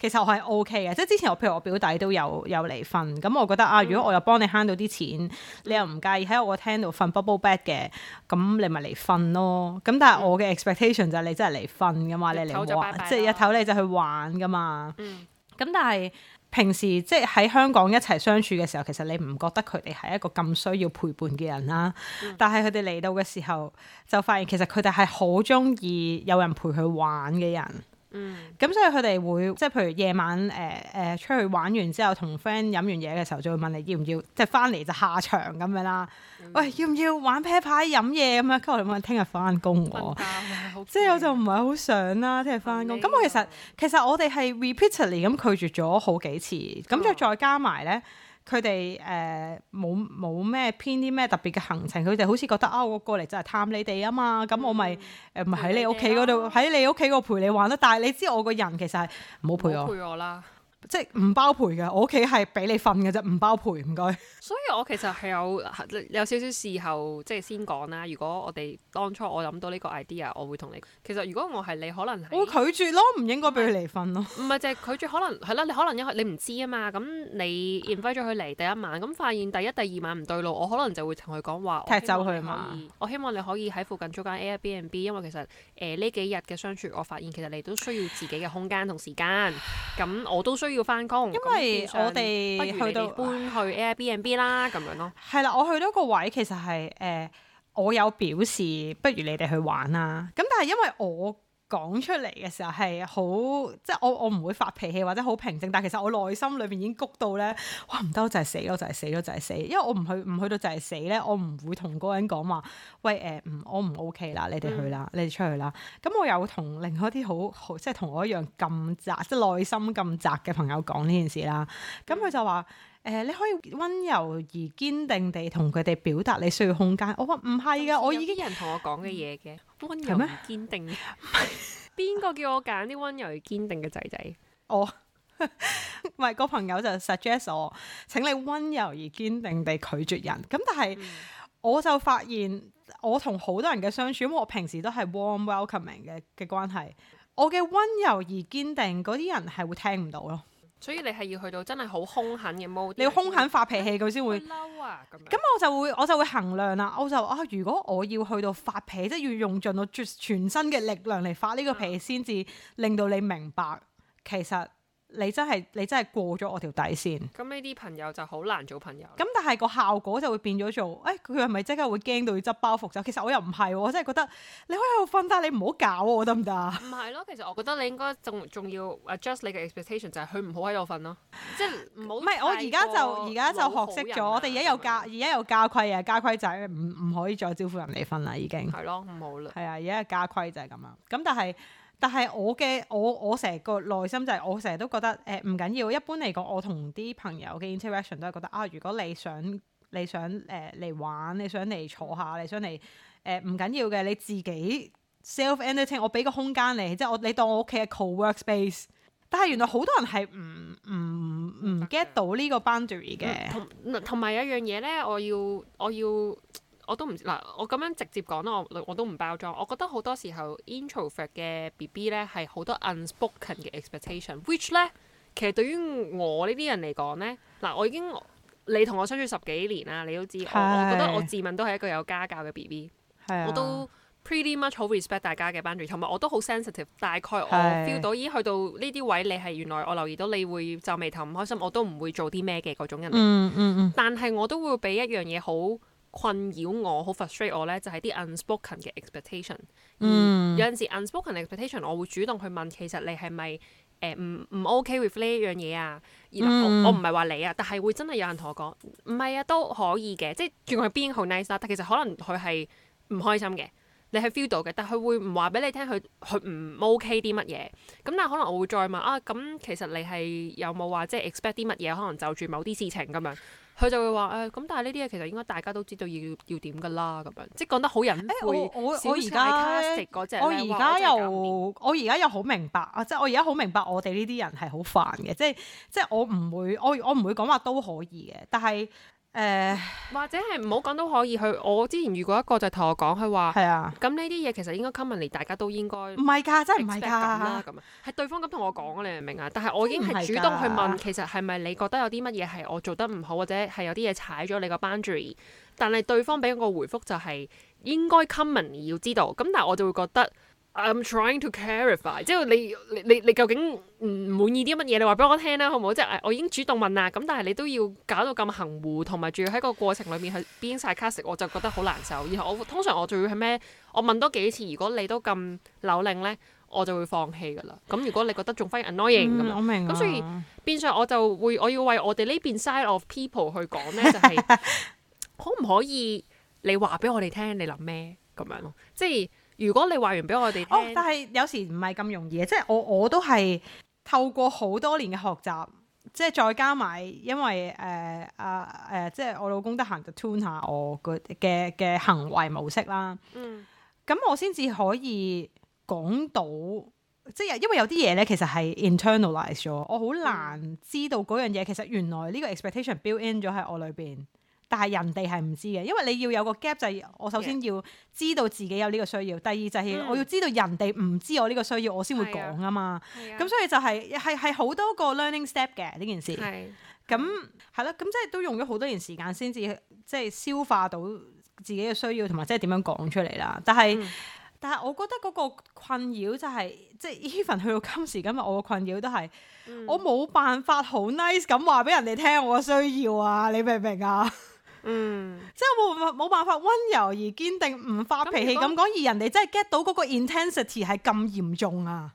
其實我係 OK 嘅。即、就、係、是、之前我譬如我表弟都有有嚟瞓，咁我覺得、嗯、啊，如果我又幫你慳到啲錢，你又唔介意喺我個廳度瞓 bubble bed 嘅，咁你咪嚟瞓咯。咁但係我嘅 expectation 就係你真係嚟瞓噶嘛，嗯、你嚟玩，拜拜即係日頭你就去玩噶嘛。嗯，咁但係。平時即係喺香港一齊相處嘅時候，其實你唔覺得佢哋係一個咁需要陪伴嘅人啦。但係佢哋嚟到嘅時候，就發現其實佢哋係好中意有人陪佢玩嘅人。嗯，咁所以佢哋會即係譬如夜晚誒誒、呃呃、出去玩完之後，同 friend 飲完嘢嘅時候，就會問你要唔要，即係翻嚟就下場咁樣啦。嗯嗯、喂，要唔要玩啤牌飲嘢咁啊？跟住我哋問聽日翻工喎，即係我就唔係好想啦，聽日翻工。咁、嗯、我其實、嗯、其實我哋係 repeatedly 咁拒絕咗好幾次，咁再再加埋咧。嗯佢哋誒冇冇咩編啲咩特別嘅行程，佢哋好似覺得啊，我過嚟就係探你哋啊嘛，咁我咪唔係喺你屋企嗰度，喺你屋企我陪你玩啦。但係你知我個人其實係唔好陪我。即係唔包賠嘅，我屋企係俾你瞓嘅啫，唔包賠，唔該。所以我其實係有有少少事後即係先講啦。如果我哋當初我諗到呢個 idea，我會同你。其實如果我係你，可能我拒絕咯，唔是應該俾佢嚟瞓咯。唔係淨係拒絕，可能係啦。你可能因為你唔知啊嘛。咁你 invite 咗佢嚟第一晚，咁發現第一、第二晚唔對路，我可能就會同佢講話踢走佢嘛。我希望你可以喺附近租間 Airbnb，因為其實誒呢、呃、幾日嘅相處，我發現其實你都需要自己嘅空間同時間，咁我都需要。要返工，因為相我哋去到搬去 Airbnb 啦，咁唉樣咯。係啦，我去到個位，其實係誒、呃，我有表示不如你哋去玩啦。咁但係因為我。講出嚟嘅時候係好，即、就、係、是、我我唔會發脾氣或者好平靜，但係其實我內心裏邊已經谷到咧，哇唔得就係、是、死咯就係、是、死咯就係、是、死，因為我唔去唔去到就係死咧，我唔會同嗰個人講話，喂誒唔、欸、我唔 OK 啦，你哋去啦，嗯、你哋出去啦，咁我又同另外一啲好好即係同我一樣咁窄，即、就、係、是、內心咁窄嘅朋友講呢件事啦，咁佢就話。誒，你可以溫柔而堅定地同佢哋表達你需要空間。我話唔係㗎，嗯、我已經有人同我講嘅嘢嘅溫柔咩嗎？堅定邊個 [LAUGHS] 叫我揀啲溫柔而堅定嘅仔仔？ [LAUGHS] 我唔係個朋友就 suggest 我請你溫柔而堅定地拒絕人。咁但係、嗯、我就發現我同好多人嘅相處，因為我平時都係 warm welcoming 嘅嘅關係，我嘅溫柔而堅定嗰啲人係會聽唔到咯。所以你係要去到真係好兇狠嘅 mode，你要兇狠發脾氣佢先會嬲啊咁樣。咁、啊、我就會我就會衡量啦，我就啊如果我要去到發脾，即係要用盡我全身嘅力量嚟發呢個脾氣，先至令到你明白、嗯、其實。你真係你真係過咗我條底線。咁呢啲朋友就好難做朋友。咁但係個效果就會變咗做，誒佢係咪即刻會驚到要執包袱走？就其實我又唔係喎，我真係覺得你可以喺度瞓，但你唔好搞我得唔得啊？唔係咯，其實我覺得你應該仲仲要 adjust 你嘅 expectation，就係佢唔好喺度瞓咯，即係唔好。唔係我而家就而家就學識咗，我哋而家有家而家有家規啊，家規就係，唔唔可以再招呼人嚟瞓啦，已經係咯，唔好啦。係啊，而家家規就係咁啦。咁但係。但係我嘅我我成個內心就係、是、我成日都覺得誒唔緊要。一般嚟講，我同啲朋友嘅 interaction 都係覺得啊，如果你想你想誒嚟玩，你想嚟、呃、坐下，你想嚟誒唔緊要嘅，你自己 self entertaining，我俾個空間你，即係我你當我屋企嘅 cowork space。但係原來好多人係唔唔唔 get 到個呢個 boundary 嘅。同埋有樣嘢咧，我要我要。我都唔嗱，我咁樣直接講啦，我我都唔包裝。我覺得好多時候 introvert 嘅 B B 咧，係好多 unspoken 嘅 expectation，which [MUSIC] 咧其實對於我呢啲人嚟講咧，嗱我已經你同我相處十幾年啦，你都知是的 我。我覺得我自問都係一個有家教嘅 B B，我都 pretty much 好 respect 大家嘅 boundary，同埋我都好 sensitive。大概我 feel 到，咦，去到呢啲位，你係原來我留意到你會皺眉頭、唔開心，我都唔會做啲咩嘅嗰種人。嗯嗯嗯。但係我都會俾一樣嘢好困擾我好 frustrate 我咧，就係、是、啲 unspoken 嘅 expectation。嗯、有陣時 unspoken expectation，我會主動去問，其實你係咪誒唔唔 OK with 呢樣嘢啊？然、嗯、我我唔係話你啊，但係會真係有人同我講唔係啊，都可以嘅，即係完全係 being nice 啦。但其實可能佢係唔開心嘅，你係 feel 到嘅，但佢會唔話俾你聽，佢佢唔 OK 啲乜嘢。咁但係可能我會再問啊，咁其實你係有冇話即係 expect 啲乜嘢？可能就住某啲事情咁樣。佢就會話誒咁，但係呢啲嘢其實應該大家都知道要要點㗎啦，咁樣即係講得好人。誒我我而家咧，我而家又我而家又好明白啊！即係我而家好明白，即係我哋呢啲人係好煩嘅，即係即係我唔會，我我唔會講話都可以嘅，但係。誒、呃、或者係唔好講都可以，佢我之前遇過一個就同我講，佢話：係啊，咁呢啲嘢其實應該 commonly 大家都應該唔係㗎，真係唔係㗎咁啊咁啊，係對方咁同我講你明唔明啊？但係我已經係主動去問，其實係咪你覺得有啲乜嘢係我做得唔好，或者係有啲嘢踩咗你個 boundary？但係對方俾我個回覆就係應該 commonly 要知道，咁但係我就會覺得。I'm trying to clarify，即係你你你，你究竟唔滿意啲乜嘢？你話俾我聽啦，好唔好？即係我已經主動問啦，咁但係你都要搞到咁含糊，同埋仲要喺個過程裏面去編晒卡食，我就覺得好難受。然後我通常我仲要係咩？我問多幾次，如果你都咁扭令咧，我就會放棄㗎啦。咁如果你覺得仲反而 annoying 咁樣，咁嗯、麼所以變相我就會我要為我哋呢邊 side of people 去講咧，就係 [LAUGHS] 可唔可以你話俾我哋聽，你諗咩咁樣咯？即係。如果你話完俾我哋，哦，oh, and 但係有時唔係咁容易。即係、就是、我我都係透過好多年嘅學習，即係再加埋，因為誒啊誒，即係我老公得閒就 tune 下我嘅嘅行為模式啦。嗯，咁我先至可以講到，即係因為有啲嘢咧，其實係 internalize 咗，我好難知道嗰樣嘢、mm. 其實原來呢個 expectation built in 咗喺我裏邊。但係人哋係唔知嘅，因為你要有個 gap，就係、是、我首先要知道自己有呢個需要，Yeah. 第二就係我要知道人哋唔知我呢個需要，我先會講啊嘛。咁 Yeah. Yeah. 所以就係係係好多個 learning step 嘅呢件事。咁係咯，咁即係都用咗好多年時間先至即係消化到自己嘅需要，同埋即係點樣講出嚟啦。但係 Yeah. 但係，我覺得嗰個困擾就係、是、即係 even 去到今時今日，我嘅困擾都、就、係、是、Yeah. 我冇辦法好 nice 咁話俾人哋聽我嘅需要啊！你明唔明啊？嗯，即係冇冇辦法溫柔而堅定唔發脾氣咁講，而人哋真係 get 到嗰個 intensity 係咁嚴重啊！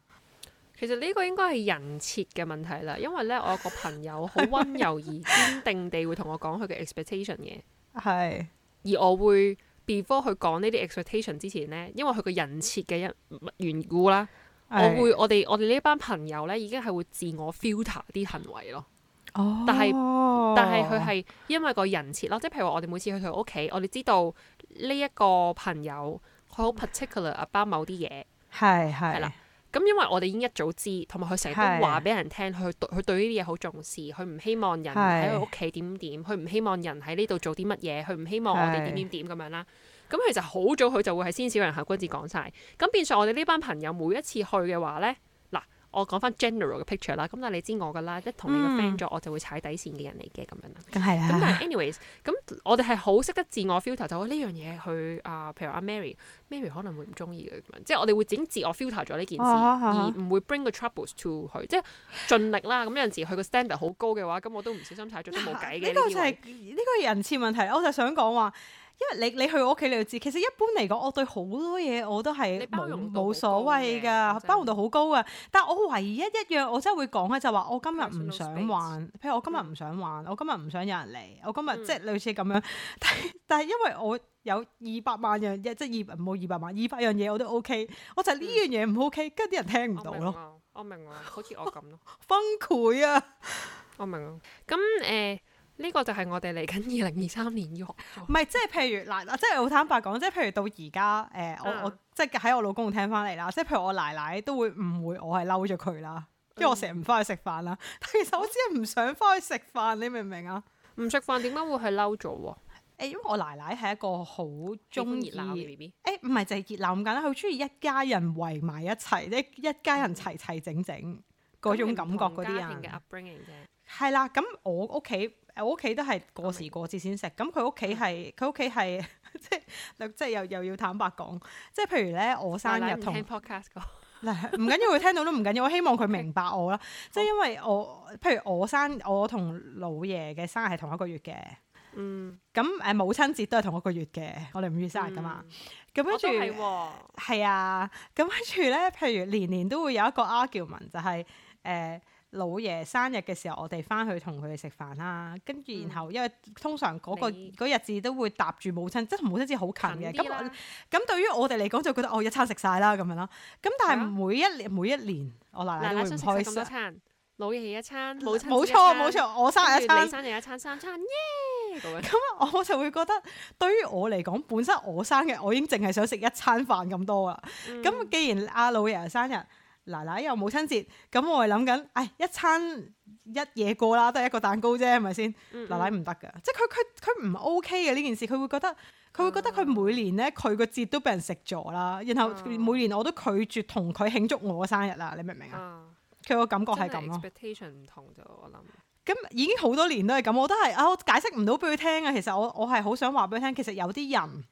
其實呢個應該係人設嘅問題啦，因為咧我有個朋友好溫柔而堅定地會同我講佢嘅 expectation 嘅，係，而我會 before 佢講呢啲 expectation 之前呢，因為佢個人設嘅一緣故啦的，我會我哋我哋呢班朋友咧已經係會自我 filter 啲行為咯。但係、Oh. 但係佢係因為個人設咯，即係譬如我哋每次去佢屋企，我哋知道呢一個朋友佢好 particular about 某啲嘢係係啦。咁、嗯、因為我哋已經一早知，同埋佢成日都話俾人聽，佢是對佢對呢啲嘢好重視，佢唔希望人喺佢屋企點點，佢唔是希望人喺呢度做啲乜嘢，佢唔希望我哋點點點咁樣啦。咁、嗯、其實好早佢就會係先小人後君子講晒。咁變相我哋呢班朋友每一次去嘅話咧。我講翻 general 嘅 picture 啦，咁但係你知我噶啦，一同你個 friend 咗我就會踩底線嘅人嚟嘅咁樣啦。咁係啦。咁但係 anyways，咁、嗯、我哋係好識得自我 filter，就呢樣嘢去啊，譬如阿 Mary，Mary 可能會唔中意嘅咁樣，即係我哋會整自，自我 filter 咗呢件事，啊啊啊啊而唔會 bring 個 troubles to 佢，即係盡力啦。咁有陣時佢個 standard 好高嘅話，咁我都唔小心踩咗都冇計嘅，呢個就係呢個人設問題，我就想講話。因為你你去我屋企你就知，其實一般嚟講，我對好多嘢我都係冇冇所謂噶，包容度好高啊。但係我唯一一樣我真係會講咧，就係話我今日唔想玩，譬如我今日唔想玩，嗯、我今日唔想有人嚟，我今日即係類似咁樣。嗯、但係但係因為我有二百萬樣嘢，即係二唔二百萬，二百樣嘢我都 O、OK, K、嗯、我就係呢樣嘢唔 O K，跟住啲人聽唔到咯。我明我我啊，好似我咁咯，崩潰啊！我明啊，咁誒。 [LAUGHS] 呃呢個就係我哋嚟緊二零二三年喎，唔係即係譬如嗱，即係好坦白講，即係譬如到而家，誒、欸、我、啊、我即係喺我老公度聽翻嚟啦，即係譬如我奶奶都會誤會我係嬲咗佢啦，因為我成日唔翻去食飯啦。但其實我只係唔想翻去食飯，你明唔明啊？唔食飯點解會去嬲咗喎？因為我奶奶係一個好中意誒，唔係就係熱鬧咁簡單，佢中意一家人圍埋一齊，即係一家人齊齊整整嗰種感覺嗰啲人。家庭嘅 upbringing 嘅。係啦、嗯，咁我屋企。我屋企都係過時過節先食，咁佢屋企係佢屋企係即係即係又又要坦白講，即係譬如咧我生日同，podcast 嗱唔緊要佢聽到都唔緊要，我希望佢明白我啦。Okay. 即係因為我好譬如我生我同老爺嘅生日係同一個月嘅，嗯，咁誒母親節都係同一個月嘅，我哋五月生日㗎嘛，咁、嗯、跟住係啊，咁、啊、跟住咧，譬如年，年年都會有一個 argument 就係、是、誒。呃老爺生日嘅時候，我哋翻去同佢哋食飯啦，跟住然後、嗯、因為通常嗰、嗰個你日子都會搭住母親，即係同母親節好近嘅，咁咁、啊、對於我哋嚟講就覺得我、哦、一餐食晒啦咁樣啦，咁但係每一年、啊、每一年我奶奶都會開心奶奶，老爺一餐，冇錯冇錯，我生，生日一餐，生日一餐三餐耶咁，yeah! 我就會覺得 [LAUGHS] 對於我嚟講本身我，我生日我已經淨係想食一餐飯咁多啦，咁、嗯、既然阿老爺生日。奶奶又母親節，咁我係諗緊，唉，一餐一嘢過啦，都係一個蛋糕啫，係咪先？奶奶唔得噶，即係佢佢佢唔 OK 嘅呢件事，佢會覺得佢會覺得佢每年咧佢個節都俾人食咗啦，然後每年我都拒絕同佢慶祝我生日啦，你明唔明啊？佢個、嗯嗯、感覺係咁咯。expectation 唔同咗我諗。咁已經好多年都係咁，我都係啊，我解釋唔到俾佢聽啊。其實我我係好想話俾佢聽，其實有啲人。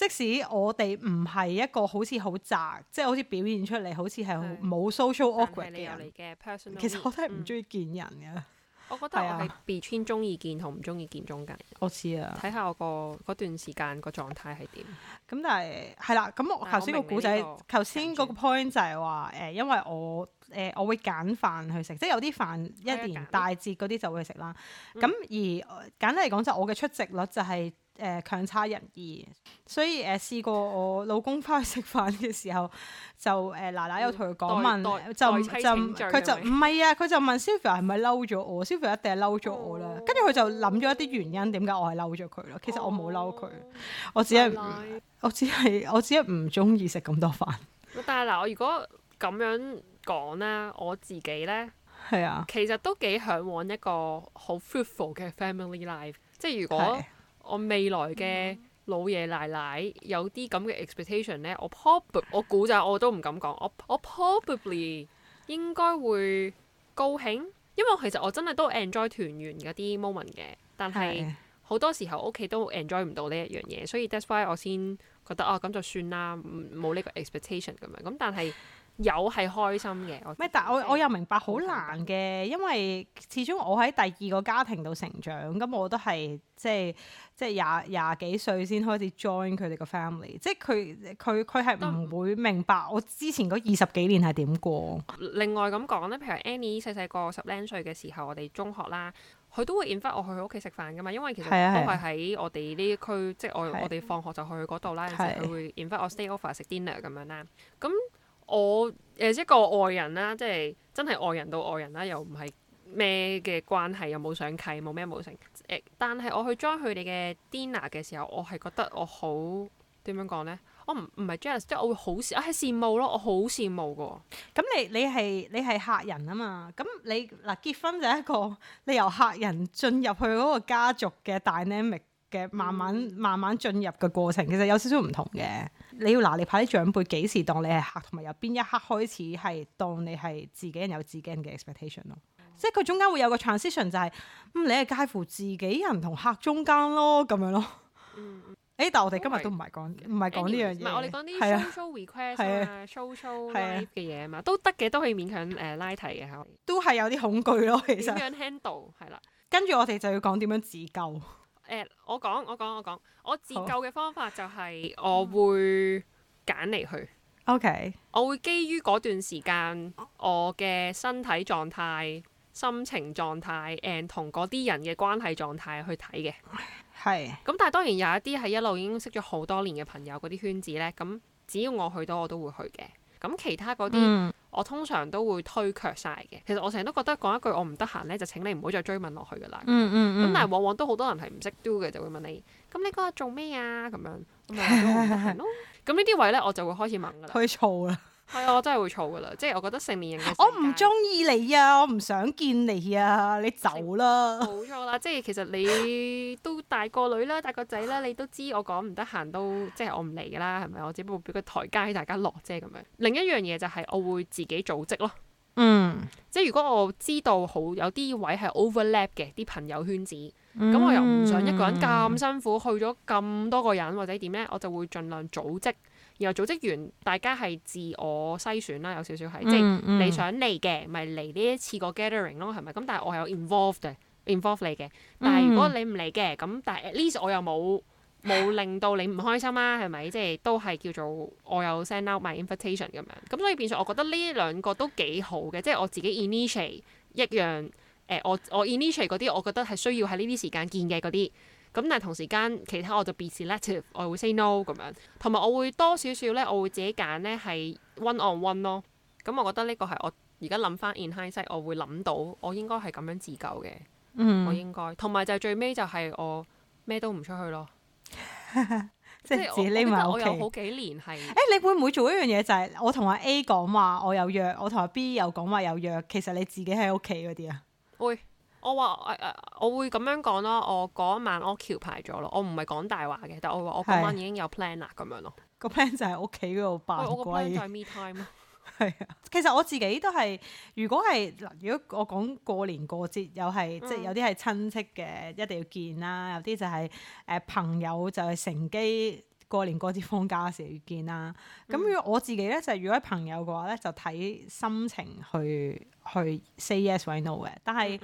即使我哋唔係一個好似好宅，即係好似表現出嚟好似係冇 social awkward 嘅人。Ally，其實我都係唔中意見人嘅、嗯。我覺得我係、啊、between 中意見同唔中意見中間。我知啊，睇下我、個嗰段時間個狀態係點。咁但係係啦，咁、啊、我頭先個故仔，頭先嗰個 point 就係話誒，因為我誒、呃、我會揀飯去食，即係有啲飯一年大節嗰啲就會食啦。咁、嗯、而簡單嚟講，就我嘅出席率就係、係。誒強差人意，所以誒試過我老公翻去食飯嘅時候，就誒奶奶又同佢講問，就就佢就唔係啊，佢就問 Sylvia 係咪嬲咗我？Sylvia 一定係嬲咗我啦。跟住佢就諗咗一啲原因，點解我係嬲咗佢咯？其實我冇嬲佢，我只係我只係我只係唔中意食咁多飯。但係嗱，我如果咁樣講咧，我自己咧，係啊，其實都幾向往一個好 fruitful 嘅 family life，即係如果。我未來嘅老爺奶奶有啲咁嘅 expectation 咧，我 probab 我估咋我都唔敢講，我我，我 probably 應該會高興，因為其實我真係都 enjoy 團圓嗰啲 moment 嘅，但係好多時候屋企都 enjoy 唔到呢一樣嘢，是所以 that's why 我先覺得哦咁、啊、就算啦，冇呢個 expectation 咁樣，咁但係。有係開心嘅，唔係，但我我又明白好難嘅，難因為始終我喺第二個家庭度成長，咁我都係即係即係廿廿幾歲先開始 join 佢哋個 family，即係佢佢佢係唔會明白我之前嗰二十幾年係點過。另外咁講咧，譬如 Annie 細細個十零歲嘅時候，我哋中學啦，佢都會 invite 我去佢屋企食飯㗎嘛，因為其實都係喺我哋呢區即係我我哋放學就去嗰度啦，佢有時會 invite 我 stay over 食 dinner 咁樣啦，咁。我誒一個外人啦，即係真係外人到外人啦，又唔係咩嘅關係，又冇想契，冇咩冇成誒。但係我去 j 佢哋嘅 dinner 嘅時候，我係覺得我好點樣講咧？我唔唔係 j a z z 即係我會好我係羨慕咯，我好羨慕噶。咁你你係你係客人啊嘛？咁你嗱結婚就係一個你由客人進入去嗰個家族嘅 dynamic 嘅慢慢、嗯、慢慢進入嘅過程，其實有少少唔同嘅。你要拿捏下啲長輩幾時當你係客，同埋由邊一刻開始係當你係自己人有自己人嘅 expectation 咯。嗯、即係佢中間會有個 transition 就係、是、咁、嗯，你係介乎自己人同客中間咯，咁樣咯。嗯嗯。誒、欸，但係我哋今日都唔係講唔係講呢樣嘢。唔係、嗯嗯、我哋講啲 social request 啊、social、啊啊、social 嘅嘢嘛，都得嘅，都可以勉強誒拉題嘅嚇。都係有啲恐懼咯，其實。點樣 handle？係啦、啊。跟住我哋就要講點樣自救。 [LAUGHS] 誒、uh，我講我講我講，我自救嘅方法就係、是、好我會揀嚟去，OK，我會基於嗰段時間我嘅身體狀態、心情狀態，誒同嗰啲人嘅關係狀態去睇嘅，係是。咁但係當然有一啲係一路已經識咗好多年嘅朋友嗰啲圈子呢。咁只要我去到我都會去嘅。咁其他嗰啲，嗯、我通常都會推卻晒嘅。其實我成日都覺得講一句我唔得閒咧，就請你唔好再追問落去㗎啦。咁、嗯嗯嗯、但係往往都好多人係唔識 do 嘅，就會問你：咁、嗯嗯、你嗰日做咩啊？咁樣咁咪都唔得閒咯。咁呢啲位咧，我就會開始猛㗎啦。開始躁啦～係啊、哎，我真係會嘈噶啦，即係我覺得成年人嘅我唔中意你啊，我唔想見你啊，你走啦。冇錯啦，即係其實你都大個女啦，大個仔啦，你都知我講唔得閒都，即係我唔嚟噶啦，係咪？我只不過俾個台階大家落啫咁樣。另一樣嘢就係我會自己組織咯。嗯，即係如果我知道好有啲位係 overlap 嘅啲朋友圈子，咁、嗯、我又唔想一個人咁辛苦去咗咁多個人或者點咧，我就會盡量組織。然後組織完，大家係自我篩選啦，有少少係，嗯、即係你想嚟嘅，咪嚟呢一次個 gathering 咯，係咪？咁但係我有 involved 嘅，involved 你嘅。嗯、但係如果你唔嚟嘅，咁但係 at least 我又冇冇令到你唔開心啦、啊，係咪？即係都係叫做我有 send out my invitation 咁樣。咁、嗯、 [LAUGHS] 所，所以變咗、就是呃，我覺得呢兩個都幾好嘅，即係我自己 initiate 一樣，誒，我我 initiate 嗰啲，我覺得係需要喺呢啲時間見嘅嗰啲。咁但係同時間，其他我就 be selective 我會 say no 咁樣，同埋我會多少少咧，我會自己揀咧係 one on one 咯。咁我覺得呢個係我而家諗翻 in hindsight 我會諗到我應該係咁樣自救嘅。嗯，嗯嗯我應該同埋就係最尾就係我咩都唔出去咯， [LAUGHS] 即係自己匿埋喺屋企我有好幾年係，誒、欸，你會唔會做一樣嘢就係我同阿 A 講話，我有約，我同阿 B 又講話有約，其實你自己喺屋企嗰啲啊，會。我話誒誒，我會咁樣講咯。我嗰晚我橋排咗咯，我唔係講大話嘅，但係我話我嗰晚已經有 plan 啦咁樣咯。個 plan 就喺屋企嗰度辦、哎。我個 plan 就係 me time 咯。係啊，其實我自己都係，如果係嗱，如果我講過年過節又係，即係有啲係親戚嘅一定要見啦，嗯、有啲就係、是、誒、呃、朋友就係乘機過年過節放假嘅時候要見啦。咁、嗯、如果我自己咧就係、是，如果係朋友嘅話咧就睇心情去去 say yes or no 嘅。但係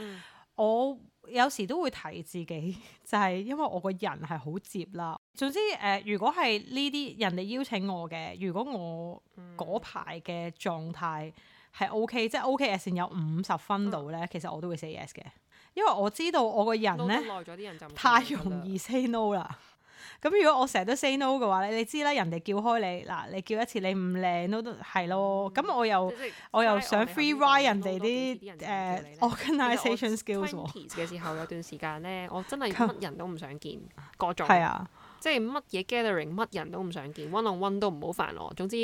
我有時都會提自己，就係、是、因為我個人係好接啦。總之誒、呃，如果係呢啲人哋邀請我嘅，如果我嗰排嘅狀態係 O K，即係 O K 先有五十分度呢，其實我都會 say yes 嘅，因為我知道我個人呢，人人太容易 say no 啦。咁如果我成日都 say no 嘅話咧，你知啦，人哋叫開你嗱，你叫一次你唔靚都係咯。咁、嗯、我又是我又想我 free ride 人哋啲誒 organisation skills 嘅時候，有段時間咧，我真係乜人都唔想見，各種係 [LAUGHS] 啊，即係乜嘢 gathering 乜人都唔想見，one on one 都唔好煩我，總之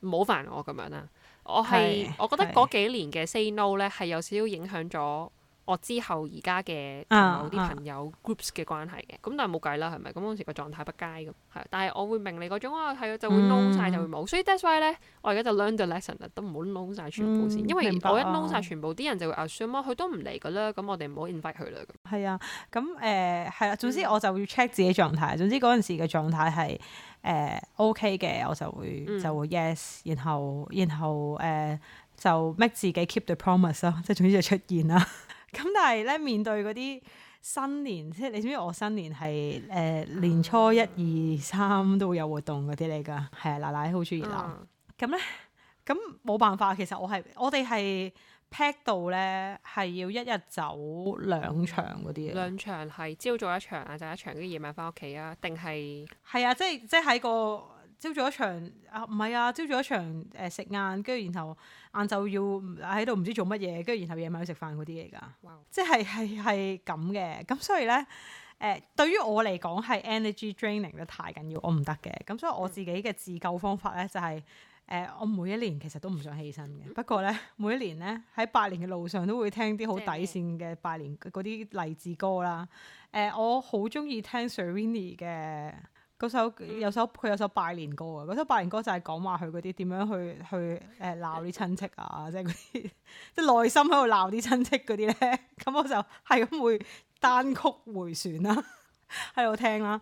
唔好煩我咁樣啦。我係是我覺得嗰幾年嘅 say no 咧係有少少影響咗。我之後而家嘅同某啲朋友 groups 嘅、啊啊、關係嘅，咁但係冇計啦，係咪？咁嗰陣時個狀態不佳咁，係，但係我會明你嗰種啊，係啊、嗯，就會擸晒，就會冇，所以 that's why 咧，我而家就 learn the lesson 啊，都唔好擸曬全部先，因為我一擸晒全部，啲人就會 assume 啊，佢都唔嚟㗎啦，咁我哋唔好 invite 佢啦。係啊，咁誒係啦，總之我就要 check 自己狀態。總之嗰陣時嘅狀態係誒 OK 嘅，我就會就會 yes，然後然後誒就 make 自己 keep the promise 啦，即係總之就出現啦。咁但係咧面對嗰啲新年，即係你知唔知我新年係誒、呃、年初一二三都會有活動嗰啲嚟㗎，係啊奶奶好中意鬧。咁咧，咁冇、嗯、辦法，其實我係我哋係 pack 到咧係要一日走兩場嗰啲嘅。兩場係朝早一場啊，就一場跟住夜晚返屋企啊，定係係啊，即係即係喺個。朝早一場啊，唔係啊，朝早一場誒食晏，跟、呃、住然後晏晝要喺度唔知做乜嘢，跟住然後夜晚去食飯嗰啲嚟㗎，Wow. 即係係係咁嘅。咁所以咧誒、呃，對於我嚟講係 energy draining 得太緊要，我唔得嘅。咁所以我自己嘅自救方法咧，就係、是、誒、呃、我每一年其實都唔想起身嘅。不過咧每一年咧喺拜年嘅路上都會聽啲好底線嘅拜年嗰啲勵志歌啦。誒、呃，我好中意聽 Serrini 嘅。首、嗯、有首佢有首拜年歌啊，嗯、首拜年歌就係講話佢嗰啲點樣去去誒鬧啲親戚啊，即係啲即係內心喺度鬧啲親戚嗰啲咧。咁 [LAUGHS] 我就係咁會單曲迴旋啦、啊，喺 [LAUGHS] 度聽啦、啊。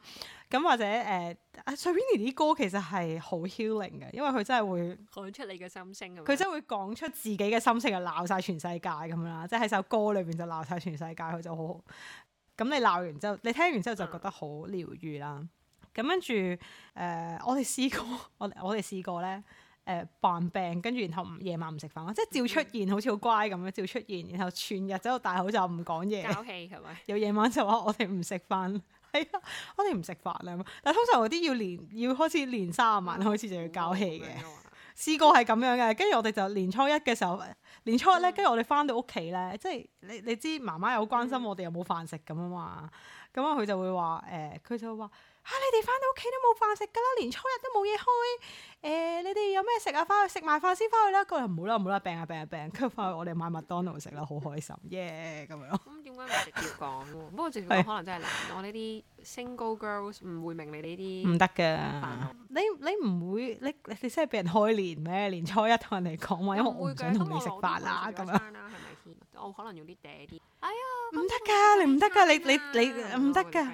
咁或者誒、呃啊、Shirin 啲歌其實係好 healing 嘅，因為佢真係會講出你嘅心，心聲。佢真係會講出自己嘅心聲，就鬧晒全世界咁樣啦，即係喺首歌裏邊就鬧晒全世界，佢就好。咁你鬧完之後，你聽完之後就覺得好療愈啦。嗯咁跟住誒，我哋試過，我我哋試過咧誒，扮、呃、病跟住，然後夜晚唔食飯咯，即係照出現，嗯、好似好乖咁樣，照出現，然後全日走到戴口罩唔講嘢，有夜晚就話我哋唔食飯，係 [LAUGHS] 啊， [LAUGHS] 我哋唔食飯但通常嗰啲要年要開始年三十晚，開始、嗯、就要交戲嘅，試過係咁樣嘅。跟住我哋就年初一嘅時候，年初一咧，跟住我哋翻到屋企咧，即係你你，你知媽媽又好關心我哋有冇飯食咁啊嘛。咁啊，佢就會話誒，佢、呃、就話。呃啊、你哋翻到屋企都冇飯食㗎啦，年初一都冇嘢開。誒、呃，你哋有咩食啊？翻去食埋飯先翻去啦。個人唔好啦，唔好啦，病啊病啊病。跟住翻去我哋買麥當勞食啦， [LAUGHS] 好開心耶咁 [LAUGHS] yeah, 樣。咁點解唔直接講喎？不過直接講可能真係難。我呢啲 single girls 唔會明你呢啲。唔得㗎！你你唔會你你真係俾人開年咩？年初一同人哋講話，因為我唔想同你食飯啦咁樣。我可能、啊、 [LAUGHS] 用啲嗲啲。哎呀！唔得㗎，你唔得㗎，你你你唔得㗎。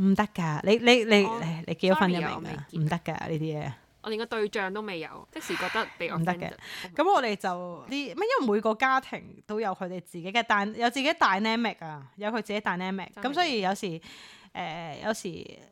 唔得㗎，你你你你你結咗婚，明唔得㗎呢啲嘢。我連個對象都未有，即時覺得俾唔得嘅。咁我哋就啲乜？因為每個家庭都有佢哋自己嘅單，有自己嘅 dynamic 啊，有佢自己嘅 dynamic。咁所以有時誒，有時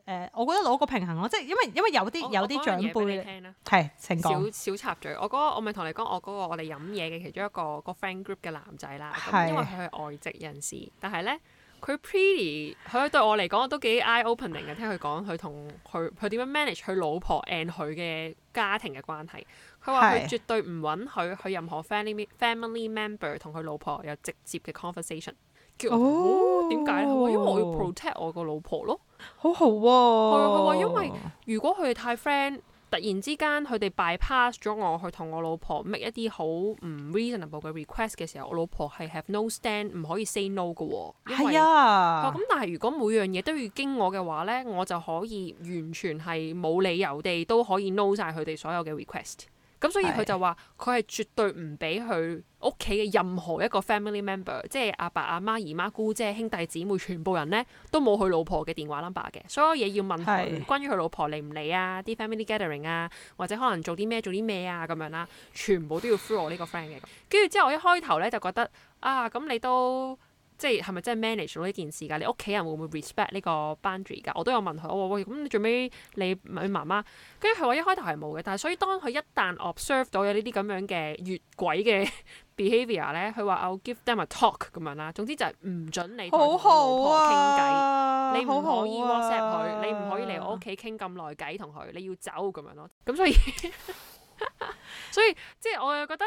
誒，我覺得攞個平衡咯，即係因為因為有啲有啲長輩咧，係少少插嘴。我嗰我咪同你講，我嗰個我哋飲嘢嘅其中一個個 friend group 嘅男仔啦，因為佢係外籍人士，但係咧。佢 Pretty，佢對我嚟講我都幾 eye-opening 嘅。聽佢講佢同佢佢點樣 manage 佢老婆 and 佢嘅家庭嘅關係。佢話佢絕對唔允許佢任何 family family member 同佢老婆有直接嘅 conversation。叫：「哦，點解？因為我要 protect 我個老婆咯。好好喎，啊。佢話因為如果佢哋太 friend。突然之間，佢哋 bypass 咗我去同我老婆 make 一啲好唔 reasonable 嘅 request 嘅時候，我老婆係 have no stand，唔可以 say no 嘅喎。係啊。咁、哎、呀但係如果每樣嘢都要經我嘅話咧，我就可以完全係冇理由地都可以 know 晒佢哋所有嘅 request。咁所以佢就話：佢係絕對唔俾佢屋企嘅任何一個 family member，即係阿爸阿媽、姨媽姑姐、兄弟姊妹，全部人咧都冇佢老婆嘅電話 number 嘅。所有嘢要問佢，關於佢老婆嚟唔嚟啊？啲 family gathering 啊，或者可能做啲咩做啲咩啊咁樣啦，全部都要 through 我呢個 friend 嘅。跟住之後，我一開頭咧就覺得啊，咁你都～即係咪真係 manage 到呢件事噶？你屋企人會唔會 respect 呢個 boundary 噶？我都有問佢，我話喂，咁你做咩？你咪媽媽，跟住佢話一開頭係冇嘅，但係，所以當佢一旦 observe 到有呢啲咁樣嘅越軌嘅 behavior 咧，佢話我 give them a talk 咁樣啦。總之就係唔准，你同，啊，你老婆傾偈，你唔可以 whatsapp 佢，好好啊，你唔可以嚟我屋企傾咁耐偈同佢，你要走咁樣咯。咁所以， [LAUGHS] [LAUGHS] 所以即係我又覺得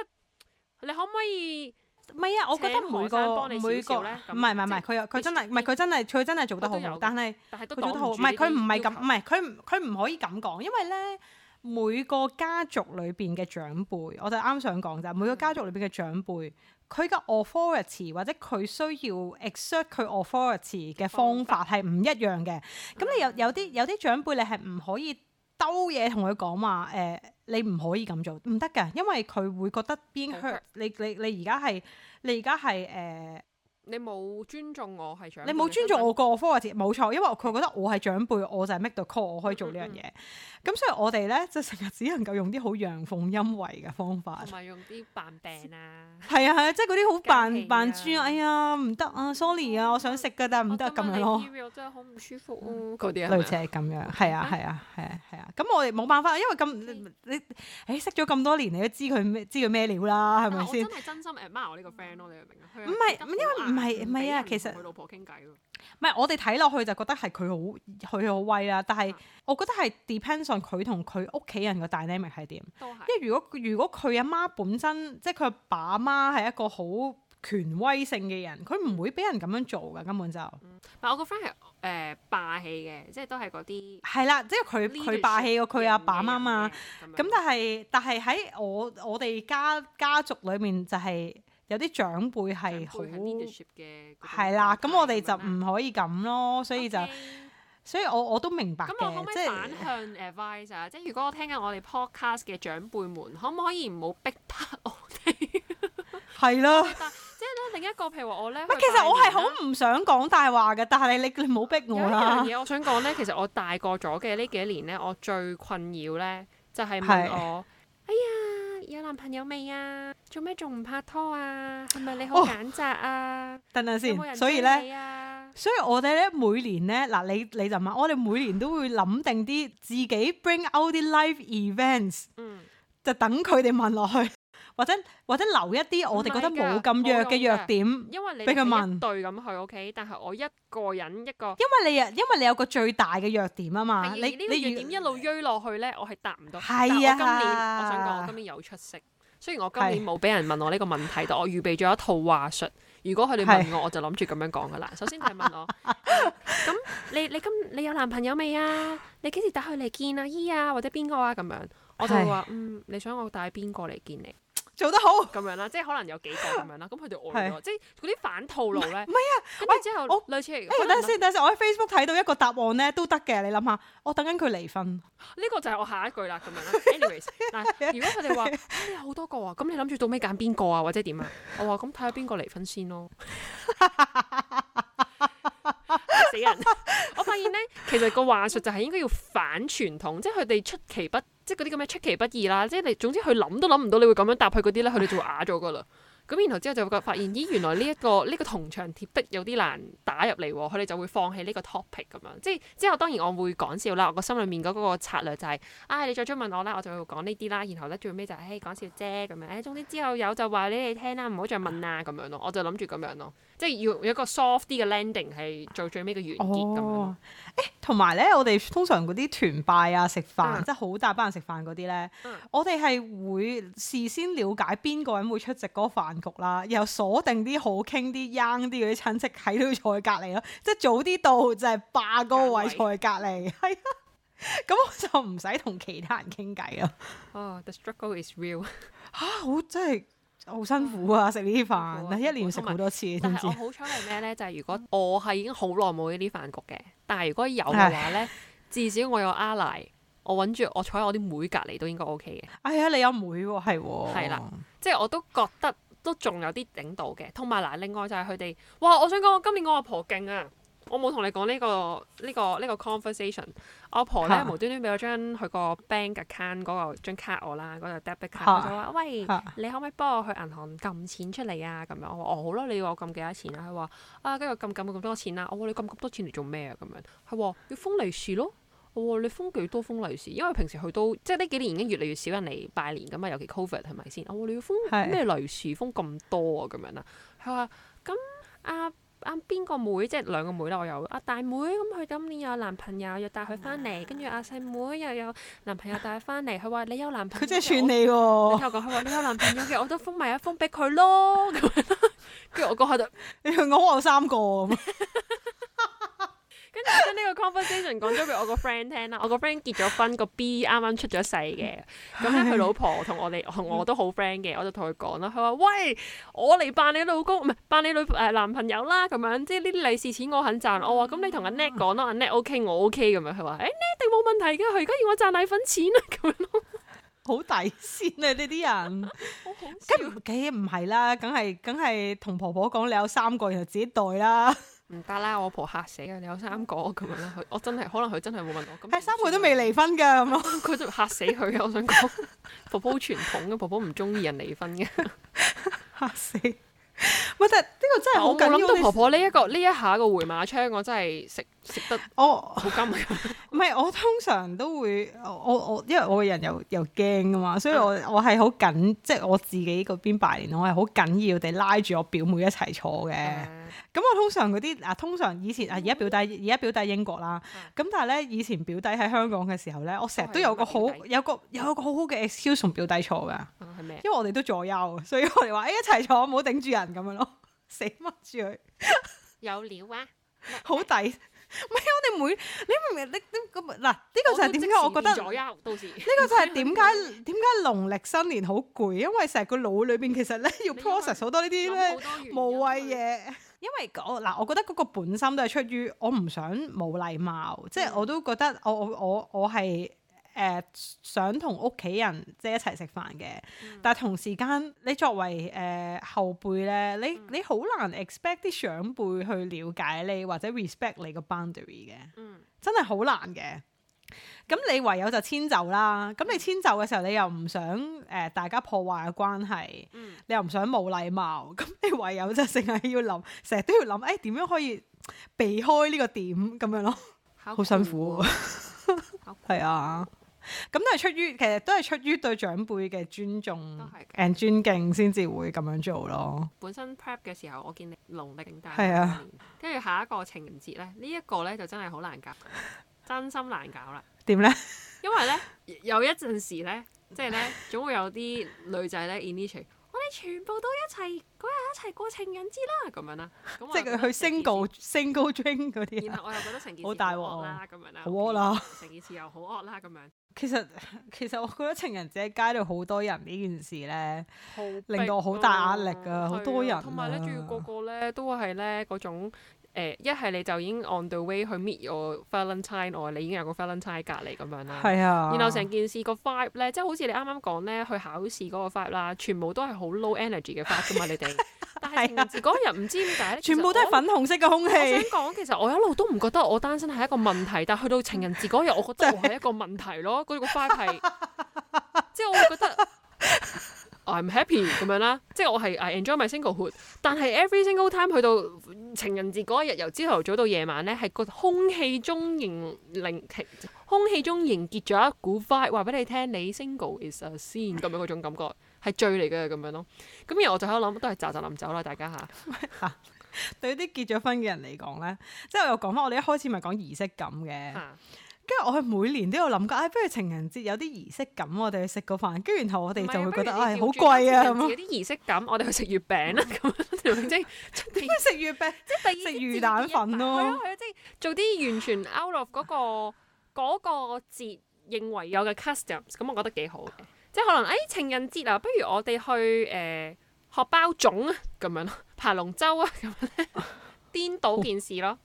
你可唔可以？唔係啊！我覺得每個小小呢，每個唔係唔係唔係佢，有佢真係唔係佢，真係佢真係做得好好，但係佢做得好唔係佢唔係咁唔係佢佢，唔可以咁講，因為咧每個家族裏邊嘅長輩，嗯、我就啱想講就係每個家族裏邊嘅長輩，佢嘅 authority 或者佢需要 exert 佢 authority 嘅方法係唔一樣嘅。咁、嗯、你有有啲有啲長輩你係唔可以。兜嘢同佢講話，誒、呃、你唔可以咁做，唔得㗎，因為佢會覺得 being hurt」Okay.？你你你而家係你而家係誒。呃你冇尊重我係長，你冇尊重我個科或者冇錯，因為佢覺得我係長輩，我就係 make the call，我可以做呢樣嘢。咁、嗯、所以我哋咧，就成日只能夠用啲好陽奉陰違嘅方法，同埋用啲扮病啊，係啊係啊，即係嗰啲好扮扮豬啊，哎呀唔得啊，sorry 啊，我想食噶但係唔得咁樣咯。e m、喔、真係好唔舒服啊，嗰、嗯、類似係咁樣，係啊係啊係啊係啊，咁、嗯、我哋冇辦法，因為咁 Okay. 你誒識咗咁多年，你都知佢咩知佢咩料啦，係咪先？我真係真心誒 mark 我呢個 friend 咯，你明唔明？唔係，是因為唔係唔係啊，其實佢老婆傾偈咯。唔係我哋睇落去就覺得係佢好佢好威啦。但係我覺得係 depends on 佢同佢屋企人嘅 dynamic 係點。因為如果如果佢阿媽，媽本身即係佢阿爸阿媽係一個好權威性嘅人，佢唔會俾人咁樣做嘅根本就。唔、嗯、我個 friend 係誒霸氣嘅，即係都係嗰啲。係啦、啊，即係佢佢霸氣過佢阿爸媽嘛。咁、啊、但係但係喺我我哋家家族裏面就係、是。有啲長輩係好係啦，咁、er、我哋就唔可以咁咯，嗯、所以就 Okay 所以我我都明白我可唔可以反向 adviser，、啊、即是如果我聽緊我哋 podcast 嘅長輩們，可唔可以唔好逼他我哋？係 [LAUGHS] 啦的， [LAUGHS] 即呢另一個，譬如話我咧，唔但 其實我係好唔想講大話嘅，但係你你唔好逼我啦。有樣嘢我想講咧，其實我大個咗嘅呢幾年咧， [LAUGHS] 我最困擾咧就係問我， [LAUGHS] 哎呀～有男朋友未啊？做咩仲唔拍拖啊？係咪你好揀擇啊、哦？等等先，有有所以咧，所以我哋咧每年咧嗱，你你就問我哋每年都會諗定啲自己 bring out 啲 life events，、嗯、就等佢哋問落去。或者或者留一啲我哋覺得冇咁弱嘅弱點，俾佢問對咁去 OK，但係我一個人一個，因為你因為你有個最大嘅弱點啊嘛，的你呢你弱點一路追落去呢，我係答唔到。係啊的，今年的我想講，我今年有出息。雖然我今年冇俾人問我呢個問題，是的 但我預備咗一套話術，如果佢哋問我，是的 我就諗住咁樣講噶啦。首先佢問我，咁是的、嗯、你你今你有男朋友未？yeah, 啊？你幾時帶佢嚟見阿姨啊？或者邊個啊？咁樣我就會話，嗯，你想我帶邊個嚟見你？做得好咁 [LAUGHS] 樣啦，即係可能有幾個咁樣啦，咁佢哋愛即係嗰啲反套路咧。唔係啊，跟住之後，我類似嚟嘅、欸。等陣先，等陣能，我喺 Facebook 睇到一個答案咧，都得嘅。你諗下，我等緊佢離婚。呢個就係我下一句啦，咁樣啦。Anyways，嗱， [LAUGHS] 如果佢哋話有好多個啊，咁你諗住到尾揀邊個啊，或者點啊？ [LAUGHS] 我話咁睇下邊個離婚先咯、 [LAUGHS] [LAUGHS] 哎。死人！ [LAUGHS] [LAUGHS] 我發現咧，其實個話術就係應該要反傳統，即係佢哋出其不。即係嗰啲咁嘅出其不意啦，即係你總之佢諗都諗唔到你會咁樣答佢嗰啲咧，佢哋就會啞咗噶啦。咁 [LAUGHS] 然後之後就發發現，咦，原來呢、這、一個呢、這個銅牆鐵壁有啲難打入嚟喎，佢哋就會放棄呢個 topic 咁樣。即係之後當然我會講笑啦，我個心裏面嗰個策略就係、是，唉、啊，你再追問我啦，我就會講呢啲啦。然後咧最尾就是，唉，講笑啫咁樣。唉、哎，總之之後有就話你哋聽啦，唔好再問啦咁樣咯。我就諗住咁樣咯。即係要有一個 soft 啲嘅 landing 係做最尾嘅完結咁樣。誒、哦，同埋咧，我哋通常嗰啲團拜啊、食飯，嗯、即係好大班人食飯嗰啲咧，嗯、我哋係會事先了解邊個人會出席嗰個飯局啦，然後鎖定啲好傾啲 young 啲嗰啲親戚喺度坐喺隔離咯，即係早啲到就係、是、霸個位坐喺隔離，係啊、嗯，咁 [LAUGHS] [LAUGHS] 我就唔使同其他人傾偈咯。哦，the struggle is real 嚇， [LAUGHS] 好即係。好辛苦啊！食呢啲飯，啊、一年食好多次。但係我好彩係咩呢？ [LAUGHS] 就係如果我係已經好耐冇呢啲飯局嘅，但係如果有嘅話呢， [LAUGHS] 至少我有阿奶，我揾住我坐喺我啲妹隔離都應該 OK 嘅。哎呀，你有妹喎、啊，係喎、哦。係啦，即、就、係、是、我都覺得都仲有啲頂到嘅。同埋嗱，另外就係佢哋，哇！我想講，我今年我阿婆勁啊！我冇同你講呢、這個呢、這個呢、這個 conversation。婆婆呢啊、我阿婆咧無端端俾我張佢個 bank account 嗰個張卡我啦，嗰、那個 debit card。佢話：喂，啊、你可唔可以幫我去銀行撳錢出嚟啊？咁樣我話：哦，好啦，你要我撳幾多、啊啊、多錢啊？佢話：按按啊，跟住撳撳咁多錢啦。我話：你撳咁多錢嚟做咩啊？咁樣，佢話：要封利是咯。我話：你封幾多封利是？因為平時去到即係呢幾年已經越嚟越少人嚟拜年㗎嘛，尤其 COVID 係咪先？我話：你要封咩利是的？封咁多啊？咁樣啦。佢話：咁、嗯、阿。啊啊啊啊啊啱邊個妹，即係兩個妹啦，我有阿大妹，咁佢今年有男朋友，又帶佢翻嚟，跟住阿細妹又有男朋友帶佢翻嚟。佢話你有男朋友，佢真係串你喎。你聽我講，佢話你有男朋友嘅，我都封埋一封俾佢咯。咁樣咯。跟住我講就，你講我三個咁。 [LAUGHS] 將呢個 conversation 講咗俾我個 friend 聽啦，我個 friend 結咗婚，個 B 啱啱出咗世嘅，咁咧佢老婆同我哋同我都好 friend 嘅，我就同佢講啦，佢話，喂，我嚟扮你老公唔係扮你女誒、呃、男朋友啦，咁樣，即係呢啲利是錢我肯賺，我話咁你同阿 Nick 講咯，阿 Nick OK 我 OK 咁樣，佢話，誒 Nick 一定冇問題嘅，佢而家要我賺奶粉錢啊，咁樣咯，好抵先啊，呢啲人，梗唔佢唔係啦，梗係梗係同婆婆講，你有三個，然後自己袋啦。唔得啦，我阿婆嚇死啊！你有三個咁樣啦，我真係可能佢真係冇問我咁。第三個都未離婚噶，咁咯。佢就嚇死佢，我想講婆婆好傳統嘅婆婆唔中意人離婚嘅吓 [LAUGHS] 死。喂，但係呢個真係我冇諗到婆婆呢、這個、是一個呢一下個回馬槍，我真係食。食得哦，好金，唔係，我通常都會我我因為我個人又又驚啊嘛，所以我我係好緊，即係我自己嗰邊拜年，我係好緊要地拉住我表妹一齊坐嘅。咁我通常嗰啲嗱，通常以前啊，而家表弟而家表弟英國啦，咁但係咧以前表弟喺香港嘅時候咧，我成日都有個好有個有個好好嘅 excuse 同表弟坐噶，因為我哋都左右，所以我哋話誒一齊坐，唔好頂住人咁樣咯，死乜住佢有料啊，好抵。唔係，我哋每你明唔明？你咁嗱，呢、呢個就係點解我覺得呢個就係點解點解農曆新年好攰，因為成個腦裏邊其實咧要 process 好多呢啲咧無謂嘢。因為我、那、嗱、個，我覺得嗰個本心都係出於我唔想冇禮貌，嗯、即係我都覺得我我我我係。誒、呃、想同屋企人即係一齊食飯嘅，嗯、但係同時間你作為誒、呃、後輩咧，你、嗯、你好難 expect 啲長輩去了解你或者 respect 你個 boundary 嘅，嗯、真係好難嘅。咁你唯有就遷就啦。咁你遷就嘅時候，你又唔想誒、呃、大家破壞嘅關係，你又唔想冇禮貌，咁你唯有就淨係要諗，成日都要諗，誒點樣可以避開呢個點咁樣咯？好辛苦，哦，係啊、 [LAUGHS] 哦。是的 [LAUGHS] 咁都係出於，其實都係出於對長輩嘅尊重，誒尊敬先至會咁樣做咯。本身 prep 嘅時候，我見你農曆元旦，係啊的，跟住下一個情人節咧，呢一個咧就真係好難夾，真心難搞啦。點咧？因為咧有一陣時咧，即係咧總會有啲女仔咧 initiate，我哋全部都一齊嗰日一齊過情人節啦，咁樣啦，即係去 single single drink 嗰啲。然後我又覺得成件事好大鑊啦，咁樣啦，好惡啦，成件事又好惡啦，咁樣。其實其實我覺得情人節喺街度好多人呢件事咧，啊、令到好大壓力㗎、啊，好、啊、多人、啊。同埋咧，仲要個個咧都係咧嗰種一係、呃、你就已經 on the way 去 meet your Valentine，你已經有個 Valentine 隔離咁樣啦。啊、然後成件事個 vibe 咧，即係好似你啱啱講咧去考試嗰個 vibe 啦，全部都係好 low energy 嘅 vibe 㗎嘛，你哋 們。 [LAUGHS] 但係情人節嗰日唔知點解，全部都係粉紅色嘅空氣。我想講，其實我一路都唔覺得我單身係一個問題， [LAUGHS] 但去到情人節嗰日，我覺得我係一個問題咯。嗰 [LAUGHS] 個花 i 係， [LAUGHS] 即係我會覺得 [LAUGHS] I'm happy，咁樣啦。即係我係 I enjoy my singlehood，但係 every single time 去到情人節嗰一日，由朝頭早到夜晚咧，係個空氣中凝凝，空氣中凝結咗一股 vibe。話俾你聽，你 single is a scene，咁樣嗰種感覺。.係罪嚟嘅咁樣咯，咁然後我就喺度諗，都係咋咋臨走啦，大家吓吓。對啲結咗婚嘅人嚟講咧，即係我又講翻我哋一開始咪講儀式感嘅。跟住我每年都有諗過，不如情人節有啲儀式感，我哋去食個飯，跟住然後我哋就會覺得唉，好貴啊。有啲儀式感，我哋去食月餅啦，咁，即係點解食月餅，即係第二食魚蛋粉咯。係啊係啊，即係做啲完全 out of 嗰個嗰個節認為有嘅 customs，咁我覺得幾好。即係可能誒、哎、情人節啊，不如我哋去誒、呃、學包粽啊，咁樣咯，爬龍舟啊，咁樣咧，顛倒件事咯。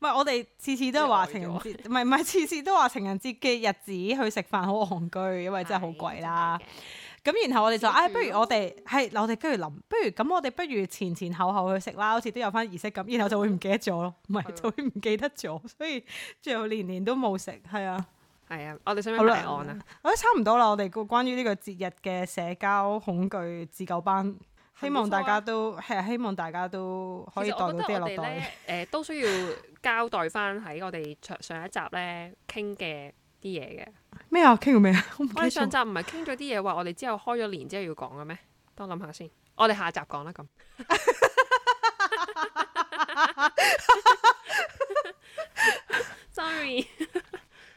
唔係 [LAUGHS] 我哋次次都係話情人節，唔係唔係次次都話情人節嘅日子去食飯好戇居，因為真係好貴啦。咁然後我哋就誒、哎，不如我哋係我哋跟住諗，不如咁，我哋不如前前後後去食啦，好似都有翻儀式咁，然後就會唔記得咗咯，唔係了就會唔記得咗，所以最後年年，年都冇食，係啊。係啊，我哋想咩答案啊？我哋差唔多啦，我哋個關於呢個節日嘅社交恐懼自救班，希望大家都係、啊，希望大家都可以代啲落袋。誒、呃，都需要交代翻喺我哋上一集咧傾嘅啲嘢嘅。咩啊？傾到咩啊？我哋上集唔係傾咗啲嘢話，我哋之後開咗年之後要講嘅咩？等我諗下先。我哋下集講啦，咁。Sorry。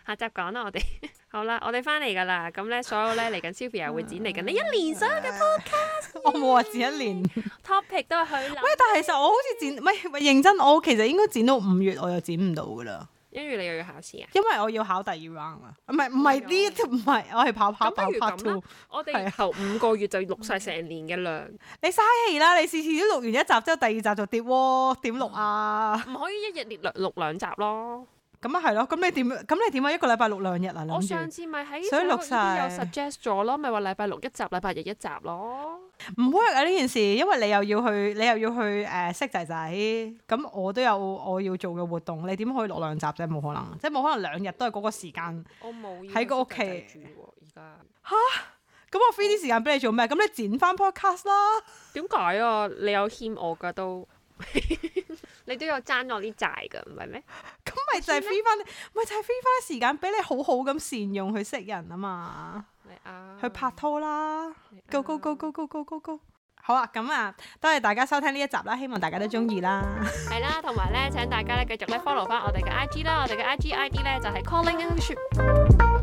下集講啦，我哋好啦，我哋翻嚟噶啦，咁咧所有咧嚟緊 Sophia 會剪嚟緊，你一年所有嘅 podcast，我冇話剪一年，topic 都係佢啦喂，但係其實我好似剪唔係認真，我其實應該剪到五月我又剪唔到噶啦，一月你又要考試啊？因為我要考第二 round 啊，唔係唔係呢？唔係我係跑跑跑 part two 我哋頭五個月就錄晒成年嘅量，你嘥氣啦！你次次都錄完一集之後第二集就跌喎，點錄啊？唔可以一日列錄兩集咯。咁啊，係咯，咁你點？咁你點啊？一個禮拜六兩日啊，我上次咪喺呢度，我又 suggest 咗咯，咪話禮拜六一集，禮拜日一集咯。唔會啊呢件事，Okay. 因為你又要去，你又要去誒、呃、識仔仔。咁我都有我要做嘅活動，你點可以落兩集啫？冇可能，即係冇可能兩日都係嗰個時間。我冇喺個屋企住，而家。吓、啊？咁我 free 啲時間俾你做咩？咁你剪翻 podcast 啦？點解啊？你有欠我噶都。 [LAUGHS] 你都有爭我啲債噶，唔係咩？咁咪就係 free 翻，咪就係 free 翻時間，俾你好好咁善用去識人啊嘛，啊的？去拍拖啦的 go, go,，go go go go go go go go，好啊，咁啊，多謝大家收聽呢一集啦，希望大家都中意啦，係 [LAUGHS] 啦，同埋咧，請大家咧繼續咧 follow 翻我哋嘅 I G 啦，我哋嘅 I G I D 咧就係、是、calling。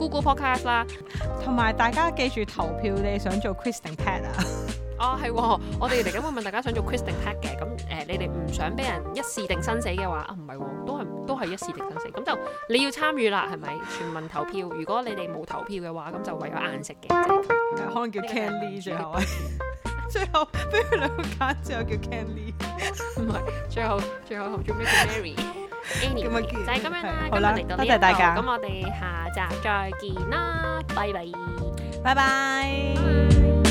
Google Podcast 啦，同埋大家記住投票，你想做 Chris t 定 Pat 啊？哦，係、哦，我哋嚟緊會問大家想做 Chris t 定 Pat 嘅，咁誒、呃，你哋唔想俾人一試定生死嘅話，啊，唔係、哦，都係都係一試定生死，咁就你要參與啦，係咪？全民投票，如果你哋冇投票嘅話，咁就唯有硬食嘅，就是嗯、可能叫 Canley 最後啊後 [LAUGHS] 最後俾佢兩個揀最後叫 Canley，唔係， [LAUGHS] 最後最後好咩叫 Mary。 [LAUGHS] Anyway 就係咁樣啦，anyway, [LAUGHS] 今日嚟呢對到呢度，咁我哋下集再見啦，拜拜，拜拜。